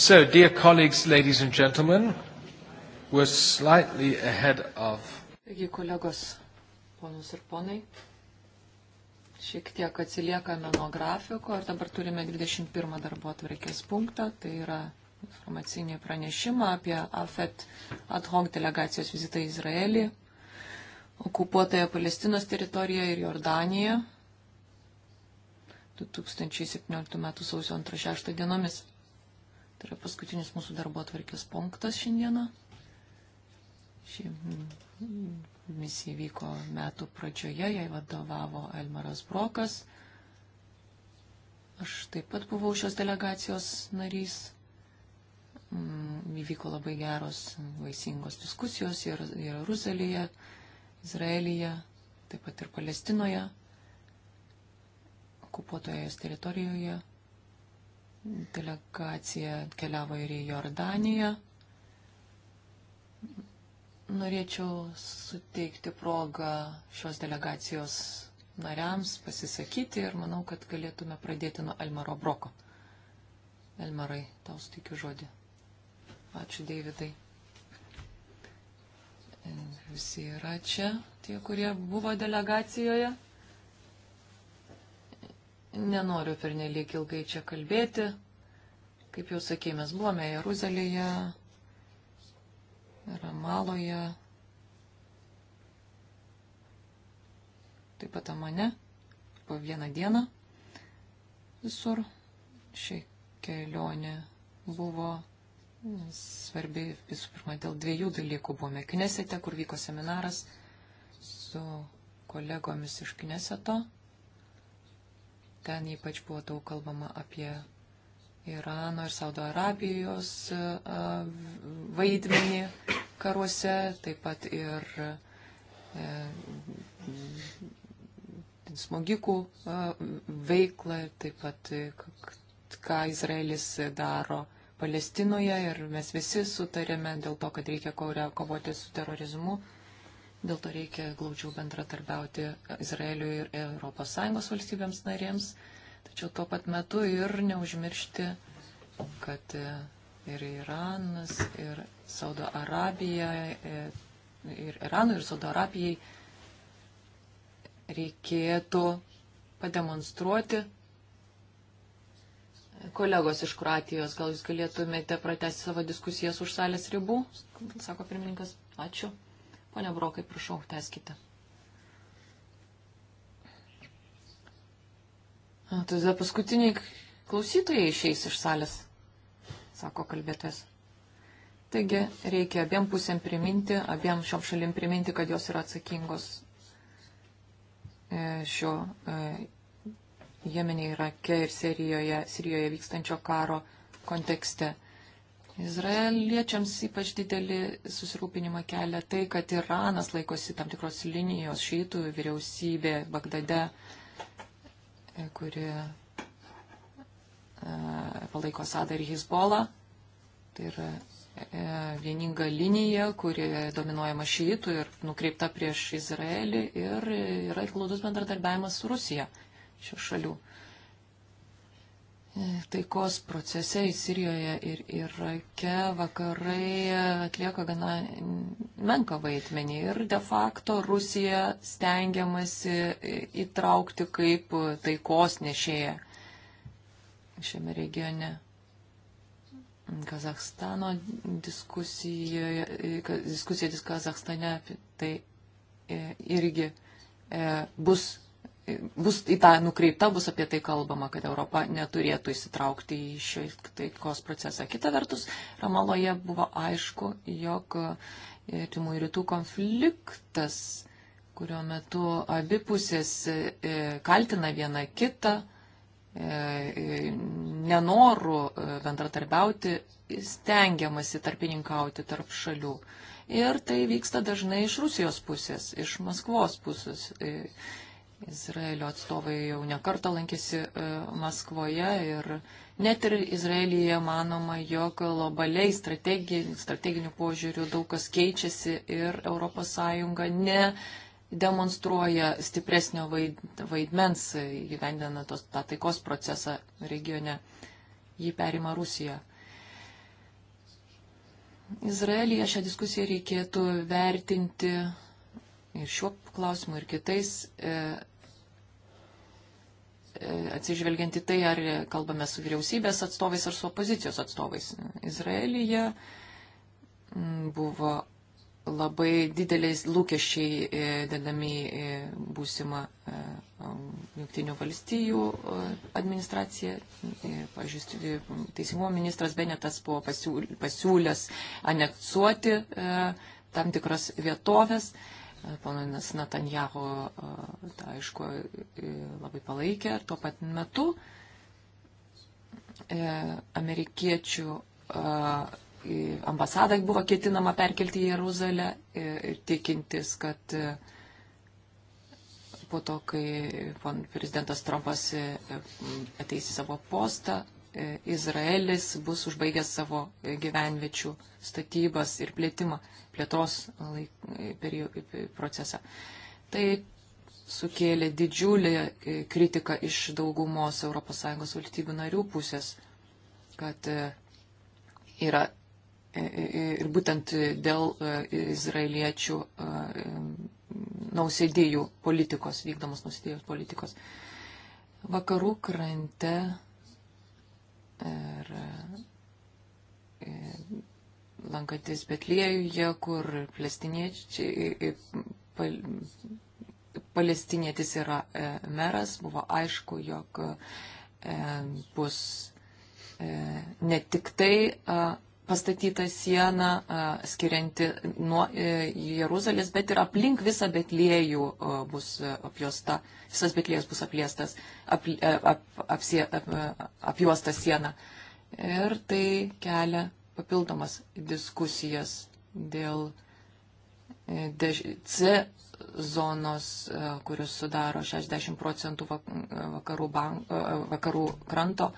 So, dear colleagues, ladies and gentlemen, we're slightly ahead of. Taigi, kolegos, ponus ir ponai, šiek tiek atsiliekame nuo grafiko ir dabar turime 21 darbo atvarkės punktą, tai yra informacinį pranešimą apie AFET ad hoc delegacijos vizitą į Izraelį, okupuotąją Palestinos teritoriją ir Jordaniją 2017 m. sausio 2-6 dienomis. Tai yra paskutinis mūsų darbo atvarkės punktas šiandieną. Ši misija vyko metų pradžioje, jai vadovavo Elmaras Brokas. Aš taip pat buvau šios delegacijos narys. Mm, įvyko labai geros, vaisingos diskusijos ir Jeruzalėje, Izraelyje, taip pat ir Palestinoje, okupuotoje jos teritorijoje. Delegacija keliavo ir į Jordaniją. Norėčiau suteikti progą šios delegacijos nariams pasisakyti ir manau, kad galėtume pradėti nuo Elmaro Broko. Elmarai, tau suteikiu žodį. Ačiū, Deividai visi yra čia, tie, kurie buvo delegacijoje. Nenoriu per nelik ilgai čia kalbėti. Kaip jau sakėjai, mes buvome Jeruzalėje, Ramaloje, taip pat Amane, po vieną dieną visur. Ši kelionė buvo svarbi visų pirma dėl dviejų dalykų. Buvome Knesete, kur vyko seminaras su kolegomis iš Kneseto Ten ypač buvo daug kalbama apie Irano ir Saudo Arabijos e, vaidmenį karuose, taip pat ir e, smogikų e, veiklą, taip pat ką Izraelis daro Palestinoje ir mes visi sutarėme dėl to, kad reikia kovoti su terorizmu Dėl to reikia glaučiau bendratarbiauti Izraeliui ir ES valstybėms narėms, tačiau tuo pat metu ir neužmiršti, kad ir Iranas, ir Saudo Arabija, ir Iranui, ir Saudo Arabijai reikėtų pademonstruoti kolegos iš Kroatijos, gal jūs galėtumėte pratesti savo diskusijas už salės ribų, sako pirmininkas. Ačiū. Pone Brokai, prašau, teskite. Tai tada paskutiniai klausytojai išeis iš salės, sako kalbėtojas. Taigi reikia abiem pusėm priminti, abiem šiom šalim priminti, kad jos yra atsakingos e, šio e, Jemenė, Irake ir Sirijoje, Sirijoje vykstančio karo kontekste. Izraeliečiams ypač didelį susirūpinimą kelia tai, kad Iranas laikosi tam tikros linijos šeitų vyriausybė Bagdade, kuri e, palaiko Sadą ir Hezbolą. Tai yra e, vieninga linija, kuri dominuojama šeitų ir nukreipta prieš Izraelį ir yra glaudus bendradarbiavimas su Rusija šių šalių taikos procese į Sirijoje ir Irake vakarai atlieka gana menką vaidmenį ir de facto Rusija stengiamasi įtraukti kaip taikos nešėja šiame regione. Kazakstano diskusijoje, diskusija Kazakstane apie tai e, irgi e, bus bus į tą nukreipta, bus apie tai kalbama, kad Europa neturėtų įsitraukti į šio taikos procesą. Kita vertus, Ramaloje buvo aišku, jog Timų rytų konfliktas, kurio metu abipusės e, kaltina viena kitą, e, e, nenorų bendratarbiauti, stengiamasi tarpininkauti tarp šalių. Ir tai vyksta dažnai iš Rusijos pusės, iš Maskvos pusės. Izraelio atstovai jau nekartą lankėsi e, Maskvoje ir net ir Izraelyje manoma, jog globaliai strategi, strateginių požiūrių daug kas keičiasi ir ES ne demonstruoja stipresnio vaidmens gyvendina tos, tą taikos procesą regione. Jį perima Rusija. Izraelyje šią diskusiją reikėtų vertinti ir šiuo klausimu, ir kitais, e, E, atsižvelgianti tai, ar kalbame su vyriausybės atstovais ar su opozicijos atstovais. Izraelyje mm, buvo labai dideliais lūkesčiai e, dedami e, būsimą Junktinių valstijų administraciją. Pavyzdžiui, teisingumo ministras Benetas buvo pasiūlęs aneksuoti tam tikras vietovės ponas Netanjahu e, tą aišku e, labai palaikė ir tuo pat metu e, amerikiečių ambasadą buvo ketinama perkelti į Jeruzalę ir tikintis, kad po to, kai prezidentas Trumpas ateis į savo postą, E, Izraelis bus užbaigęs savo gyvenviečių statybas ir plėtimą, plėtos laik, perio, procesą. Tai sukėlė didžiulį e, kritiką iš daugumos ES valstybių narių pusės, kad e, yra ir būtent dėl izraeliečių nausėdėjų politikos, vykdomos nausėdėjų politikos. Vakarų krante ir e, lankantis Betliejuje, kur pal, palestinietis yra e, meras, buvo aišku, jog e, bus e, ne tik tai pastatyta siena skirianti nuo e, Jeruzalės, bet ir aplink visą Betliejų bus apjuosta, visas Betlėjas bus apliestas, ap, e, ap, apsie, ap, e, apjuosta siena. Ir tai kelia papildomas diskusijas dėl C zonos, kurios sudaro 60 procentų vakarų, bank, vakarų kranto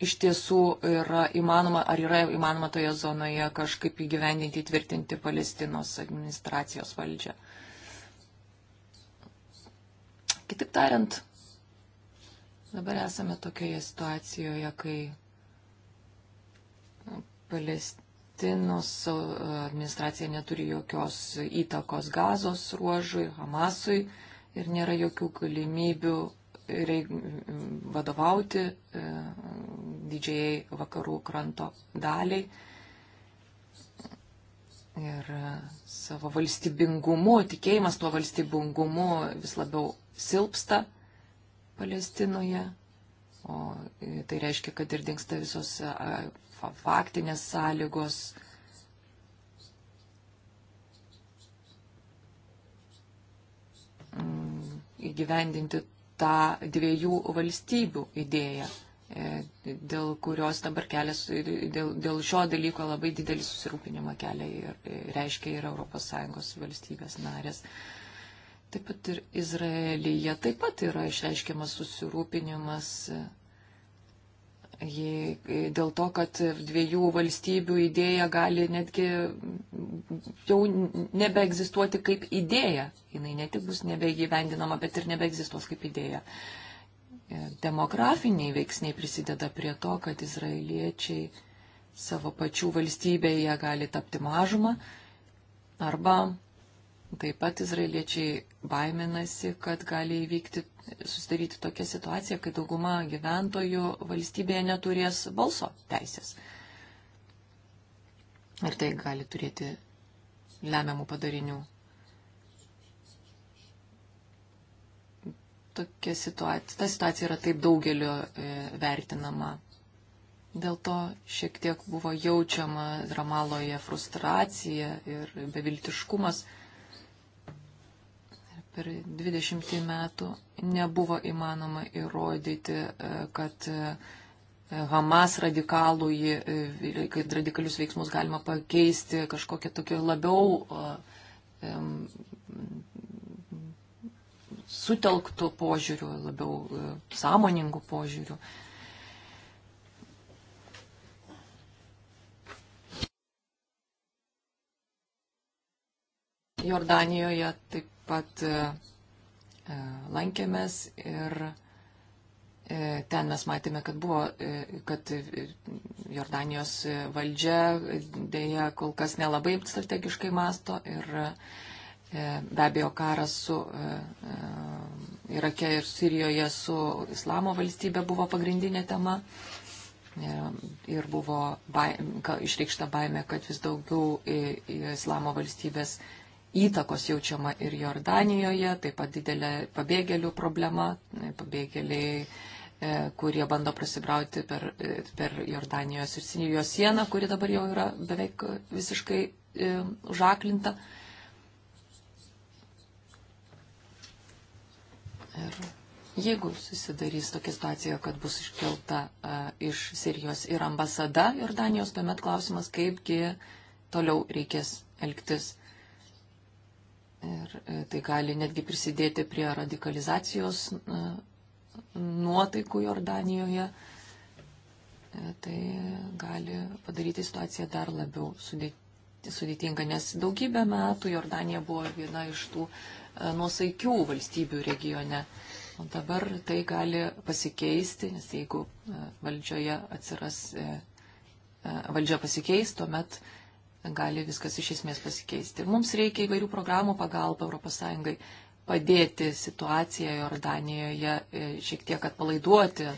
iš tiesų yra įmanoma, ar yra įmanoma toje zonoje kažkaip įgyvendinti, tvirtinti Palestinos administracijos valdžią. Kitaip tariant, dabar esame tokioje situacijoje, kai Palestinos administracija neturi jokios įtakos gazos ruožui, Hamasui ir nėra jokių galimybių vadovauti didžiai vakarų kranto daliai. Ir savo valstybingumu, tikėjimas tuo valstybingumu vis labiau silpsta Palestinoje. O tai reiškia, kad ir dinksta visos faktinės sąlygos. Mm, įgyvendinti tą dviejų valstybių idėją. E, dėl kurios dabar kelias, dėl, dėl šio dalyko labai didelį susirūpinimą kelia ir e, reiškia ir ES valstybės narės. Taip pat ir Izraelyje taip pat yra išreiškiamas susirūpinimas e, dėl to, kad dviejų valstybių idėja gali netgi jau nebeegzistuoti kaip idėja. Jis ne tik bus nebegyvendinama, bet ir nebeegzistuos kaip idėja. Uh, E, demografiniai veiksniai prisideda prie to, kad izraeliečiai savo pačių valstybėje gali tapti mažumą. Arba taip pat izraeliečiai baiminasi, kad gali įvykti, susidaryti tokia situacija, kai dauguma gyventojų valstybėje neturės balso teisės. Ir tai gali turėti lemiamų padarinių tokia situacija, ta situacija yra taip daugeliu e, vertinama. Dėl to šiek tiek buvo jaučiama Ramaloje frustracija ir beviltiškumas. Per 20 metų nebuvo įmanoma įrodyti, e, kad e, Hamas radikalų, kad radikalius veiksmus galima pakeisti kažkokią tokią labiau sutelktų požiūrių, labiau e, sąmoningų požiūrių. Jordanijoje taip pat e, e, lankėmės ir ten mes matėme, kad buvo, kad Jordanijos valdžia dėja kol kas nelabai strategiškai masto ir be abejo karas su Irake ir Sirijoje su Islamo valstybė buvo pagrindinė tema. E, ir buvo baim, išreikšta baime, kad vis daugiau į, į Islamo valstybės įtakos jaučiama ir Jordanijoje, taip pat didelė pabėgėlių problema, e, pabėgėliai, e, kurie bando prasibrauti per, per Jordanijos ir Sinijos sieną, kuri dabar jau yra beveik visiškai užaklinta. E, Ir jeigu susidarys tokia situacija, kad bus iškelta a, iš Sirijos ir ambasada ir Danijos, tuomet klausimas, kaipgi toliau reikės elgtis. Ir a, e, tai gali netgi prisidėti prie radikalizacijos a, nuotaikų Jordanijoje. A, e, tai gali padaryti situaciją dar labiau sudėtingą, nes daugybę metų Jordanija buvo viena iš tų a, nuosaikių valstybių regione. O dabar tai gali pasikeisti, nes jeigu e, valdžioje atsiras, e, e, valdžia pasikeis, tuomet gali viskas iš esmės pasikeisti. Ir mums reikia įvairių programų pagalba ES padėti situaciją Jordanijoje šiek tiek atpalaiduoti,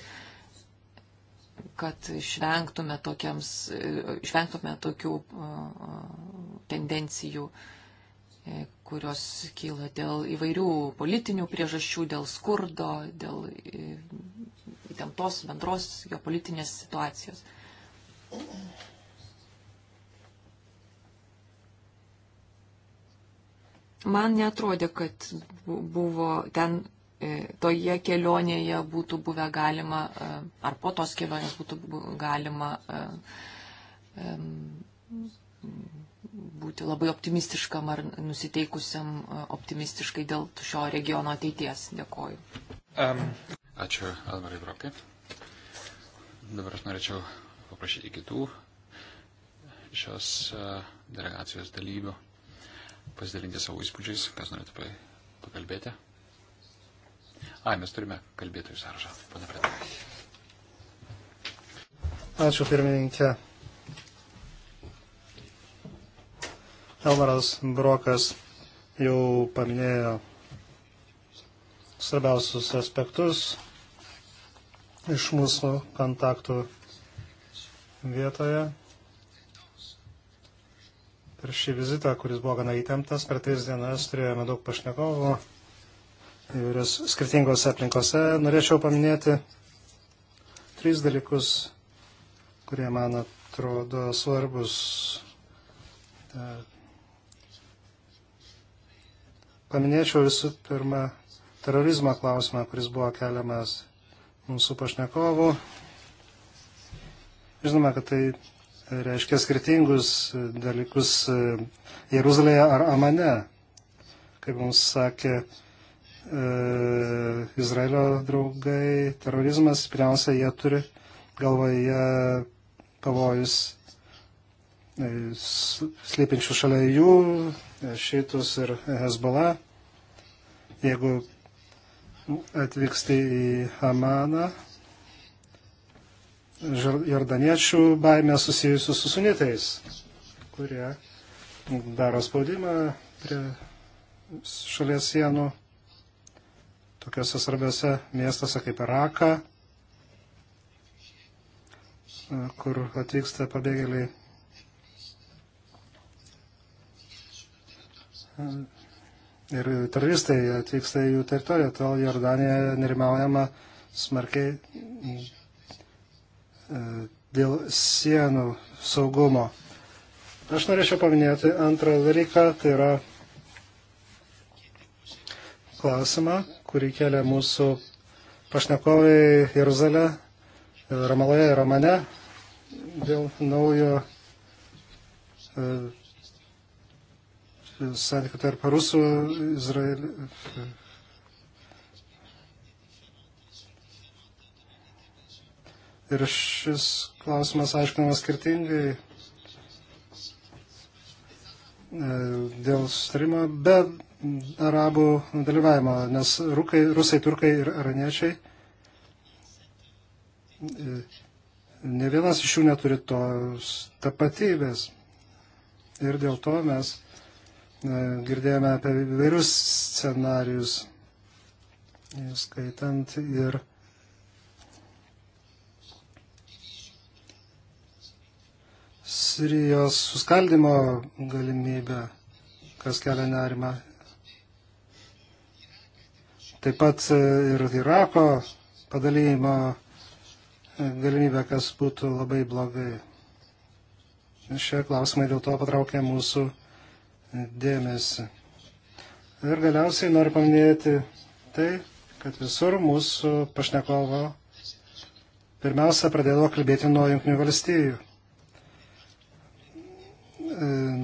kad išvengtume, tokiems, išvengtume tokių tendencijų, kurios kyla dėl įvairių politinių priežasčių, dėl skurdo, dėl e, įtemptos bendros geopolitinės situacijos. Man netrodė, kad buvo ten e, toje kelionėje būtų buvę galima, e, ar po tos kelionės būtų galima būti labai optimistiškam ar nusiteikusiam e, optimistiškai dėl šio regiono ateities. Dėkoju. Um. Ačiū, Almarai Brokė. Dabar aš norėčiau paprašyti kitų šios e, delegacijos dalyvių pasidalinti savo įspūdžiais, kas norėtų pakalbėti. A, mes turime kalbėtojų sąrašą, pana Predai. Ačiū pirmininkė. Elmaras Brokas jau paminėjo svarbiausius aspektus iš mūsų kontaktų vietoje. Per šį vizitą, kuris buvo gana įtemptas, per tris dienas turėjome daug pašnekovų įvairios skirtingose aplinkose. Norėčiau paminėti tris dalykus, kurie man atrodo svarbus e, Paminėčiau visų pirma terorizmo klausimą, kuris buvo keliamas mūsų pašnekovų. Žinoma, kad tai reiškia skirtingus dalykus Jeruzalėje ar Amane, kaip mums sakė e, Izraelio draugai, terorizmas, pirmiausia, jie turi galvoje pavojus E, slypinčių šalia jų, e, šitus ir Hezbollah. Jeigu atvyksti į Hamaną, jordaniečių baimė susijusių su sunitais, kurie daro spaudimą prie šalies sienų tokiuose svarbiuose miestuose kaip Raka, e, kur atvyksta pabėgėliai ir teroristai atvyksta į jų teritoriją, tol Jordanija nerimaujama smarkiai dėl sienų saugumo. Aš norėčiau paminėti antrą dalyką, tai yra klausimą, kurį kelia mūsų pašnekovai Jeruzalė, Ramaloje ir Ramane dėl naujo e, santykių tarp rusų, Izraelį. Ir šis klausimas aiškinamas skirtingai e, dėl sustarimo be arabų dalyvavimo, nes rukai, rusai, turkai ir araniečiai, e, ne vienas iš jų neturi tos tapatybės. Ir dėl to mes girdėjome apie vairius scenarius, skaitant ir Sirijos suskaldimo galimybę, kas kelia nerimą. Taip pat e, ir Irako padalymo e, galimybę, kas būtų labai blogai. Šie klausimai dėl to patraukė mūsų dėmesį. Ir galiausiai noriu paminėti tai, kad visur mūsų pašnekovo pirmiausia pradėjo kalbėti nuo Junktinių valstybių. E,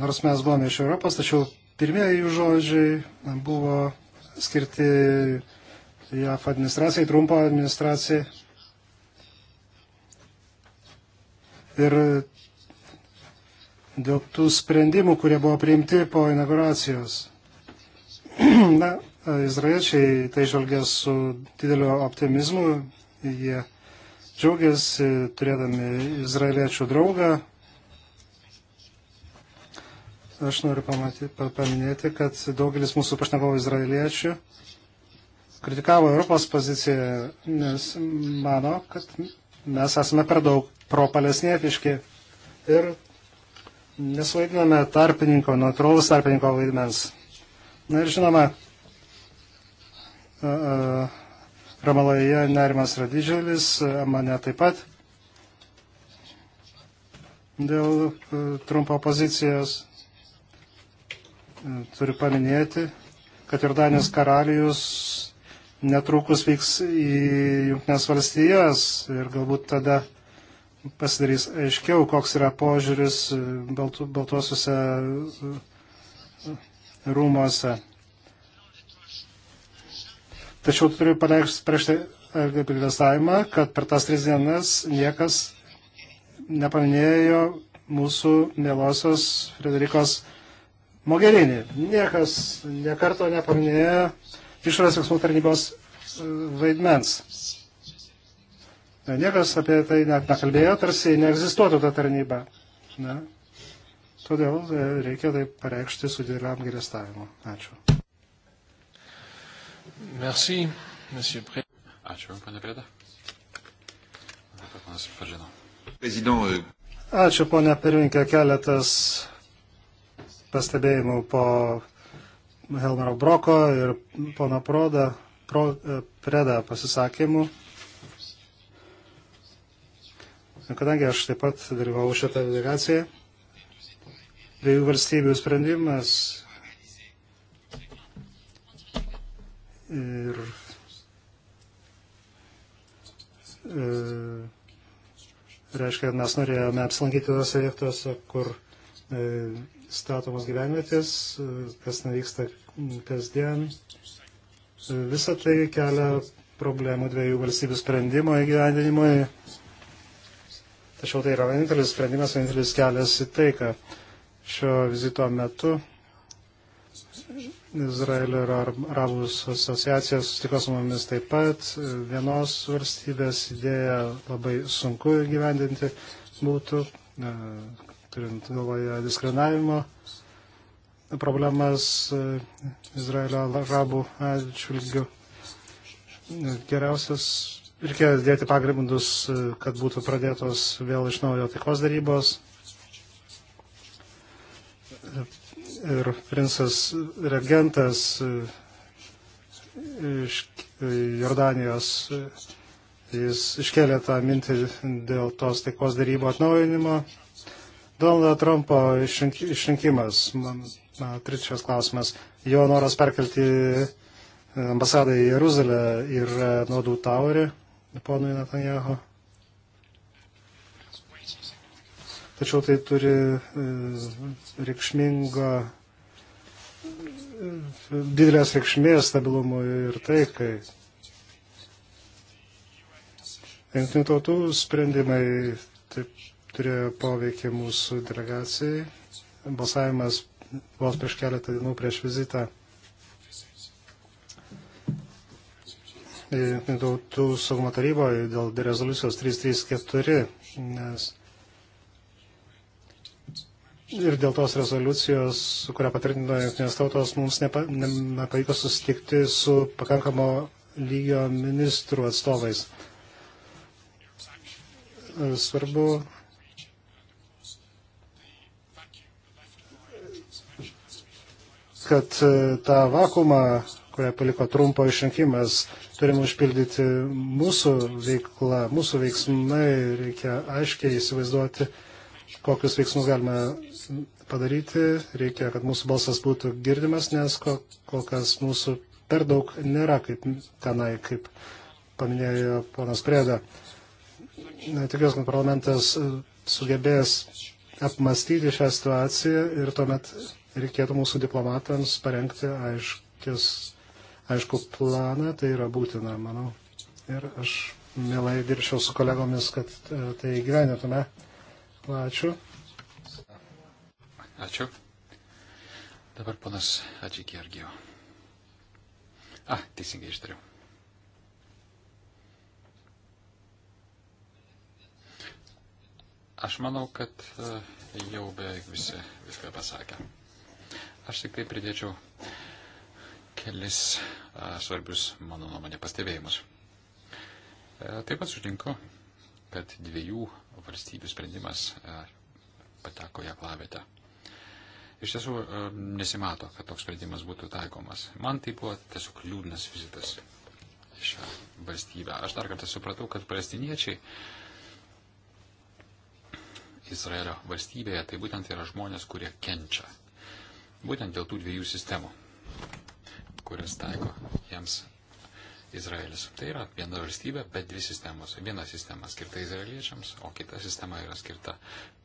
nors mes buvome iš Europos, tačiau pirmieji jų žodžiai buvo skirti JAF administracijai, Trumpo administracijai. Ir dėl tų sprendimų, kurie buvo priimti po inauguracijos. Na, izraeliečiai tai žvelgia su dideliu optimizmu, jie džiaugiasi turėdami izraeliečių draugą. Aš noriu pamatyti, paminėti, kad daugelis mūsų pašnekovų izraeliečių kritikavo Europos poziciją, nes mano, kad mes esame per daug propalesnietiški ir nesuvaidiname tarpininko, natūralus tarpininko vaidmens. Na ir žinoma, Ramaloje nerimas yra didžiulis, mane taip pat dėl trumpo pozicijos turiu paminėti, kad Jordanijos karalijus netrukus vyks į Junknes valstijas ir galbūt tada pasidarys aiškiau, koks yra požiūris e, baltu, baltuosiuose e, rūmuose. Tačiau turiu pareikšti e, apgailestavimą, kad per tas tris dienas niekas nepaminėjo mūsų mėlosios Frederikos Mogherini. Niekas niekarto nepaminėjo išorės veiksmų tarnybos vaidmens. Niekas apie tai net nekalbėjo, tarsi neegzistuotų ta tarnyba. Ne? Todėl e, reikia tai pareikšti su dideliam gėrestavimu. Ačiū. Merci, monsieur Pré. Ačiū, pane Prėda. E, Ačiū, ponia pirminkė, keletas pastebėjimų po Helmero Broko ir pono Proda, Pro, e, Preda pasisakymų. Kadangi aš taip pat dalyvau šitą delegaciją, dviejų valstybių sprendimas ir e, reiškia, mes norėjome apsilankyti tose vietose, kur e, statomos gyvenvietės, kas nevyksta kasdien. Visą tai kelia problemų dviejų valstybių sprendimo įgyvendinimui Tačiau tai yra vienintelis sprendimas, vienintelis kelias į taiką. Šio vizito metu Izraelio ir Arabų asociacija sustiko su mumis taip pat. Vienos valstybės idėją labai sunku gyvendinti būtų, e, turint galvoje diskriminavimo problemas e, Izraelio arabų atžvilgių. Geriausias reikia dėti pagrindus, kad būtų pradėtos vėl iš naujo taikos darybos. Ir princas regentas iš Jordanijos, jis iškėlė tą mintį dėl tos taikos darybo atnaujinimo. Donaldo Trumpo išrink, išrinkimas, man, man trečias klausimas, jo noras perkelti e, ambasadą į Jeruzalę ir naudų taurį ponui Netanjahu. Tačiau tai turi e, reikšmingo, e, didelės reikšmės stabilumui ir taikai. Jungtinių tautų sprendimai taip, turėjo poveikį mūsų delegacijai. Balsavimas vos prieš keletą dienų prieš vizitą tautų saugumo taryboje dėl rezoliucijos 334, nes ir dėl tos rezoliucijos, kurią patvirtino Junktinės tautos, mums nepa, nepavyko susitikti su pakankamo lygio ministrų atstovais. Svarbu. kad e, tą vakumą, kurią paliko Trumpo išrinkimas, turime užpildyti mūsų veiklą, mūsų veiksmai, reikia aiškiai įsivaizduoti, kokius veiksmus galime padaryti, reikia, kad mūsų balsas būtų girdimas, nes kol, kol kas mūsų per daug nėra, kaip tenai, kaip paminėjo ponas Prėda. Tikiuosi, kad parlamentas sugebės apmastyti šią situaciją ir tuomet reikėtų mūsų diplomatams parengti aiškius aišku planą, tai yra būtina, manau. Ir aš mielai dirbčiau su kolegomis, kad e, tai gyvenėtume. Ačiū. Ačiū. Dabar ponas Ačiū Gergijo. A, teisingai ištariau. Aš manau, kad e, jau beveik visi viską pasakė. Aš tik tai pridėčiau uh, kelis svarbius, mano nuomonė, pastebėjimus. E, taip pat sutinku, kad dviejų valstybių sprendimas e, pateko į aklavietę. Iš tiesų e, nesimato, kad toks sprendimas būtų taikomas. Man tai buvo tiesiog liūdnas vizitas šią valstybę. Aš dar kartą supratau, kad palestiniečiai Izraelio valstybėje tai būtent yra žmonės, kurie kenčia. Būtent dėl tų dviejų sistemų kuris taiko jiems Izraelis. Tai yra viena valstybė, bet dvi sistemos. Viena sistema skirta izraeliečiams, o kita sistema yra skirta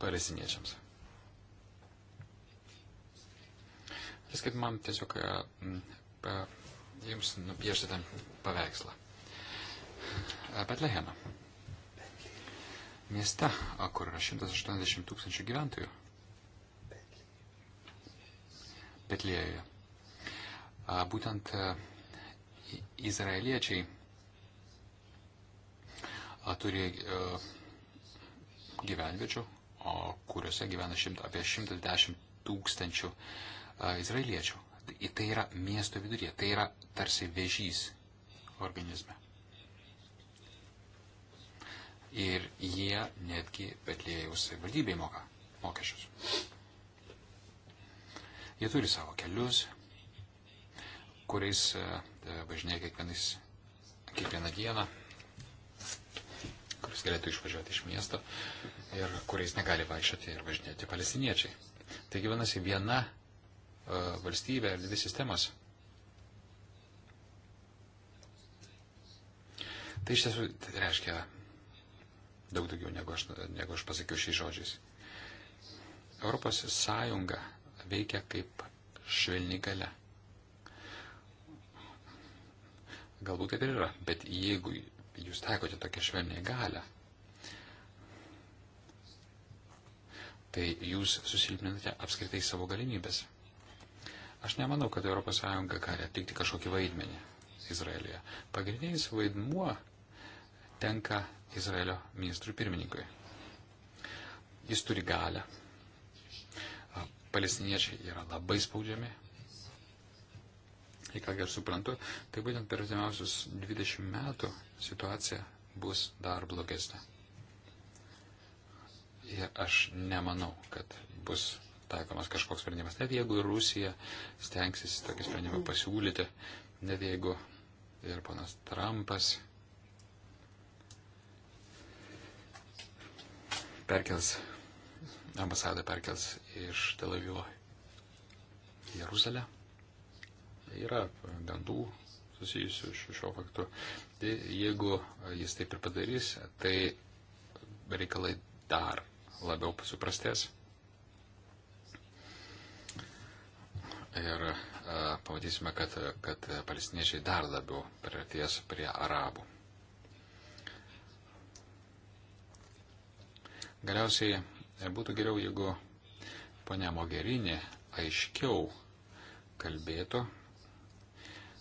palestiniečiams. Jis kaip man tiesiog e, pa, jums nupiešti tam paveikslą. E, Betlehemą. Mieste, kur yra 180 tūkstančių gyventojų. Betlėjoje būtent e, izraeliečiai turi e, gyvenviečių, kuriuose gyvena šimt, apie 110 tūkstančių e, izraeliečių. Tai yra miesto viduryje, tai yra tarsi vežys organizme. Ir jie netgi Betlėjaus valdybei moka mokesčius. Jie turi savo kelius, kuriais e, e, važinėja kiekvienais, kiekvieną dieną, kuris galėtų išvažiuoti iš miesto ir kuriais negali vaikščioti ir važinėti palestiniečiai. Taigi, vienasi viena e, valstybė ir dvi sistemos Tai iš tiesų tai reiškia daug daugiau negu aš, negu aš pasakiau šiais žodžiais. Europos Sąjunga veikia kaip švelni gale. Galbūt taip ir yra, bet jeigu jūs taikote tokią švelnią galę, tai jūs susilpninate apskritai savo galimybės. Aš nemanau, kad ES gali atlikti kažkokį vaidmenį Izraelyje. Pagrindinis vaidmuo tenka Izraelio ministrui pirmininkui. Jis turi galę. Palestiniečiai yra labai spaudžiami, į ką gerai suprantu, tai būtent per artimiausius 20 metų situacija bus dar blogesnė. Ir aš nemanau, kad bus taikomas kažkoks sprendimas. Net jeigu ir Rusija stengsis tokį sprendimą pasiūlyti, net jeigu ir panas Trumpas perkels, ambasadą perkels iš Tel Avivo į Jeruzalę yra gandų susijusių su šiuo faktu. Tai jeigu jis taip ir padarys, tai reikalai dar labiau suprastės. Ir a, e, pamatysime, kad, kad palestiniečiai dar labiau priartės prie arabų. Galiausiai e, būtų geriau, jeigu ponia Mogerinė aiškiau kalbėtų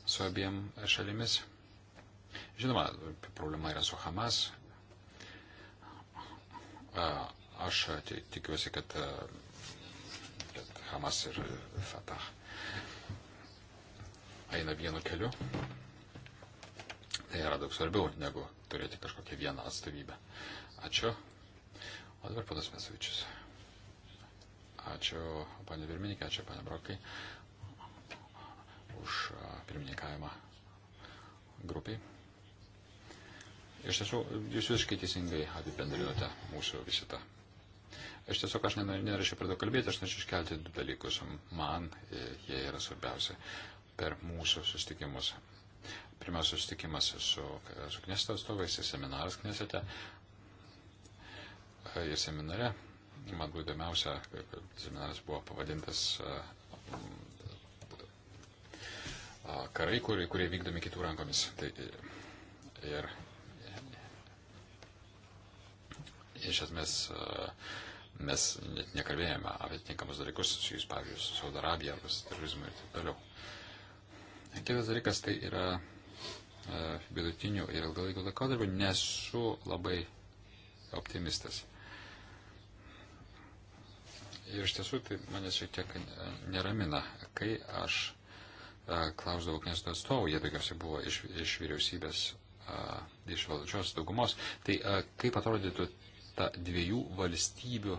su abiem šalimis. Žinoma, problema yra su Hamas. Aš tikiuosi, kad, kad Hamas ir Fatah eina vienu keliu. Tai yra daug svarbiau, negu turėti kažkokią vieną atstovybę. Ačiū. O dabar panas Mesovičius. Ačiū, panė Virminikė, ačiū, panė Brokai už pirmininkavimą grupiai. Iš tiesų, jūs visiškai teisingai apibendrinote mūsų visitą. Aš tiesiog aš nenorėčiau per daug kalbėti, aš norėčiau iškelti du dalykus. Man e, jie yra svarbiausia per mūsų susitikimus. Pirmiausia, susitikimas su, su knesto atstovais ir seminaras knesete. E, ir seminare, man buvo įdomiausia, seminaras buvo pavadintas e, karai, kurie, kurie vykdomi kitų rankomis. Tai, e, ir e, iš esmės e, mes net nekalbėjome apie tinkamus dalykus, jūs, pavyzdžiui, su Saudo Arabija arba su terorizmu ir taip toliau. Kitas dalykas tai yra vidutinių ir ilgalaikių laikotarpių nesu labai optimistas. Ir iš tiesų tai mane šiek tiek neramina, kai aš klausdavo knesito atstovų, jie daugiausiai buvo iš, iš vyriausybės, a, iš valdančios daugumos. Tai a, kaip atrodytų ta dviejų valstybių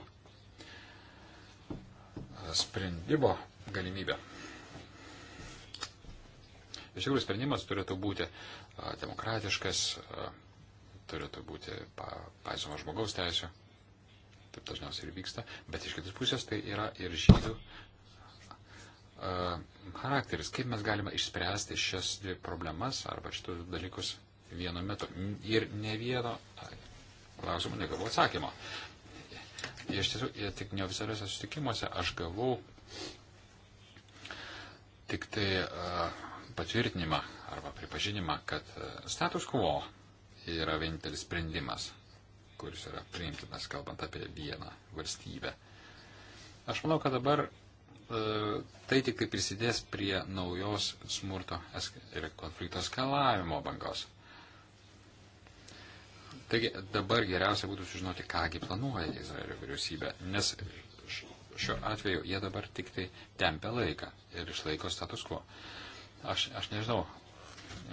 sprendimo galimybė? Iš tikrųjų, sprendimas turėtų būti a, demokratiškas, a, turėtų būti pa, paisoma žmogaus teisė, taip dažniausiai ir vyksta, bet iš kitos pusės tai yra ir žydų charakteris, kaip mes galime išspręsti šias dvi problemas arba šitus dalykus vienu metu. Ir ne vieno klausimo negavau atsakymo. Iš tiesų, tik neoficialiuose susitikimuose aš gavau tik tai patvirtinimą arba pripažinimą, kad status quo yra vienintelis sprendimas, kuris yra priimtinas, kalbant apie vieną valstybę. Aš manau, kad dabar E, tai tik tai prisidės prie naujos smurto ir konflikto skalavimo bangos. Taigi dabar geriausia būtų sužinoti, kągi planuoja Izraelio vyriausybė, nes šiuo atveju jie dabar tik tai tempia laiką ir išlaiko status quo. Aš, aš nežinau, e,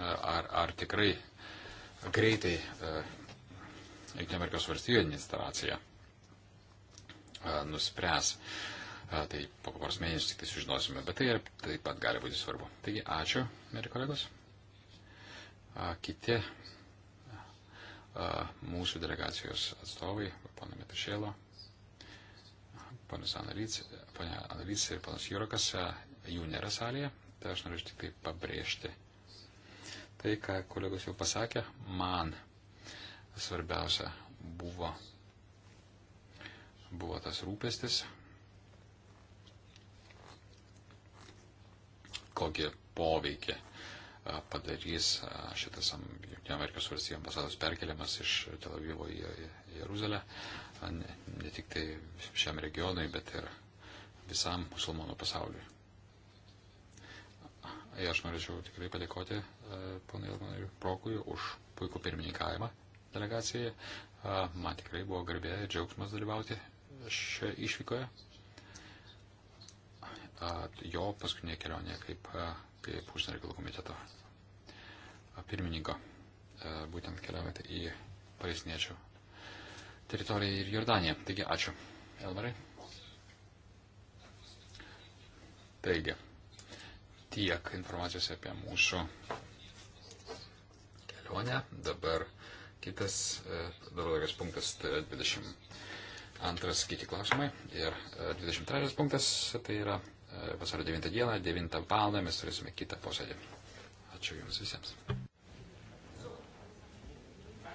ar, ar tikrai greitai e, Junktinė Amerikos valstijų administracija a, nuspręs. A, tai po poros mėnesių tik tai sužinosime, bet tai ir taip pat gali būti svarbu. Taigi, ačiū, mėly kolegos. A, kiti a, mūsų delegacijos atstovai, pana Metrišėlo, panas Analys, pana Analys ir panas Jurokas, a, jų nėra salėje, tai aš noriu tik tai pabrėžti. Tai, ką kolegos jau pasakė, man svarbiausia buvo, buvo tas rūpestis, kokį poveikį padarys šitas Junktinio Amerikos valstybių ambasados perkeliamas iš Tel Avivo į Jeruzalę, ne, ne tik tai šiam regionui, bet ir visam musulmonų pasauliui. Ir aš norėčiau tikrai padėkoti ponai Elmanui Prokui už puikų pirmininkavimą delegacijai. Man tikrai buvo garbė ir džiaugsmas dalyvauti šioje išvykoje jo paskutinė kelionė kaip, kaip užsienio reikalų komiteto pirmininko. Būtent keliavote į palestiniečių teritoriją ir Jordaniją. Taigi ačiū. Elmarai. Taigi, tiek informacijos apie mūsų kelionę. Dabar kitas, e, dabar laikas punktas tai 22 kiti klausimai ir 23 e, punktas tai yra vasario 9 dieną, 9 val. mes turėsime kitą posėdį. Ačiū Jums visiems.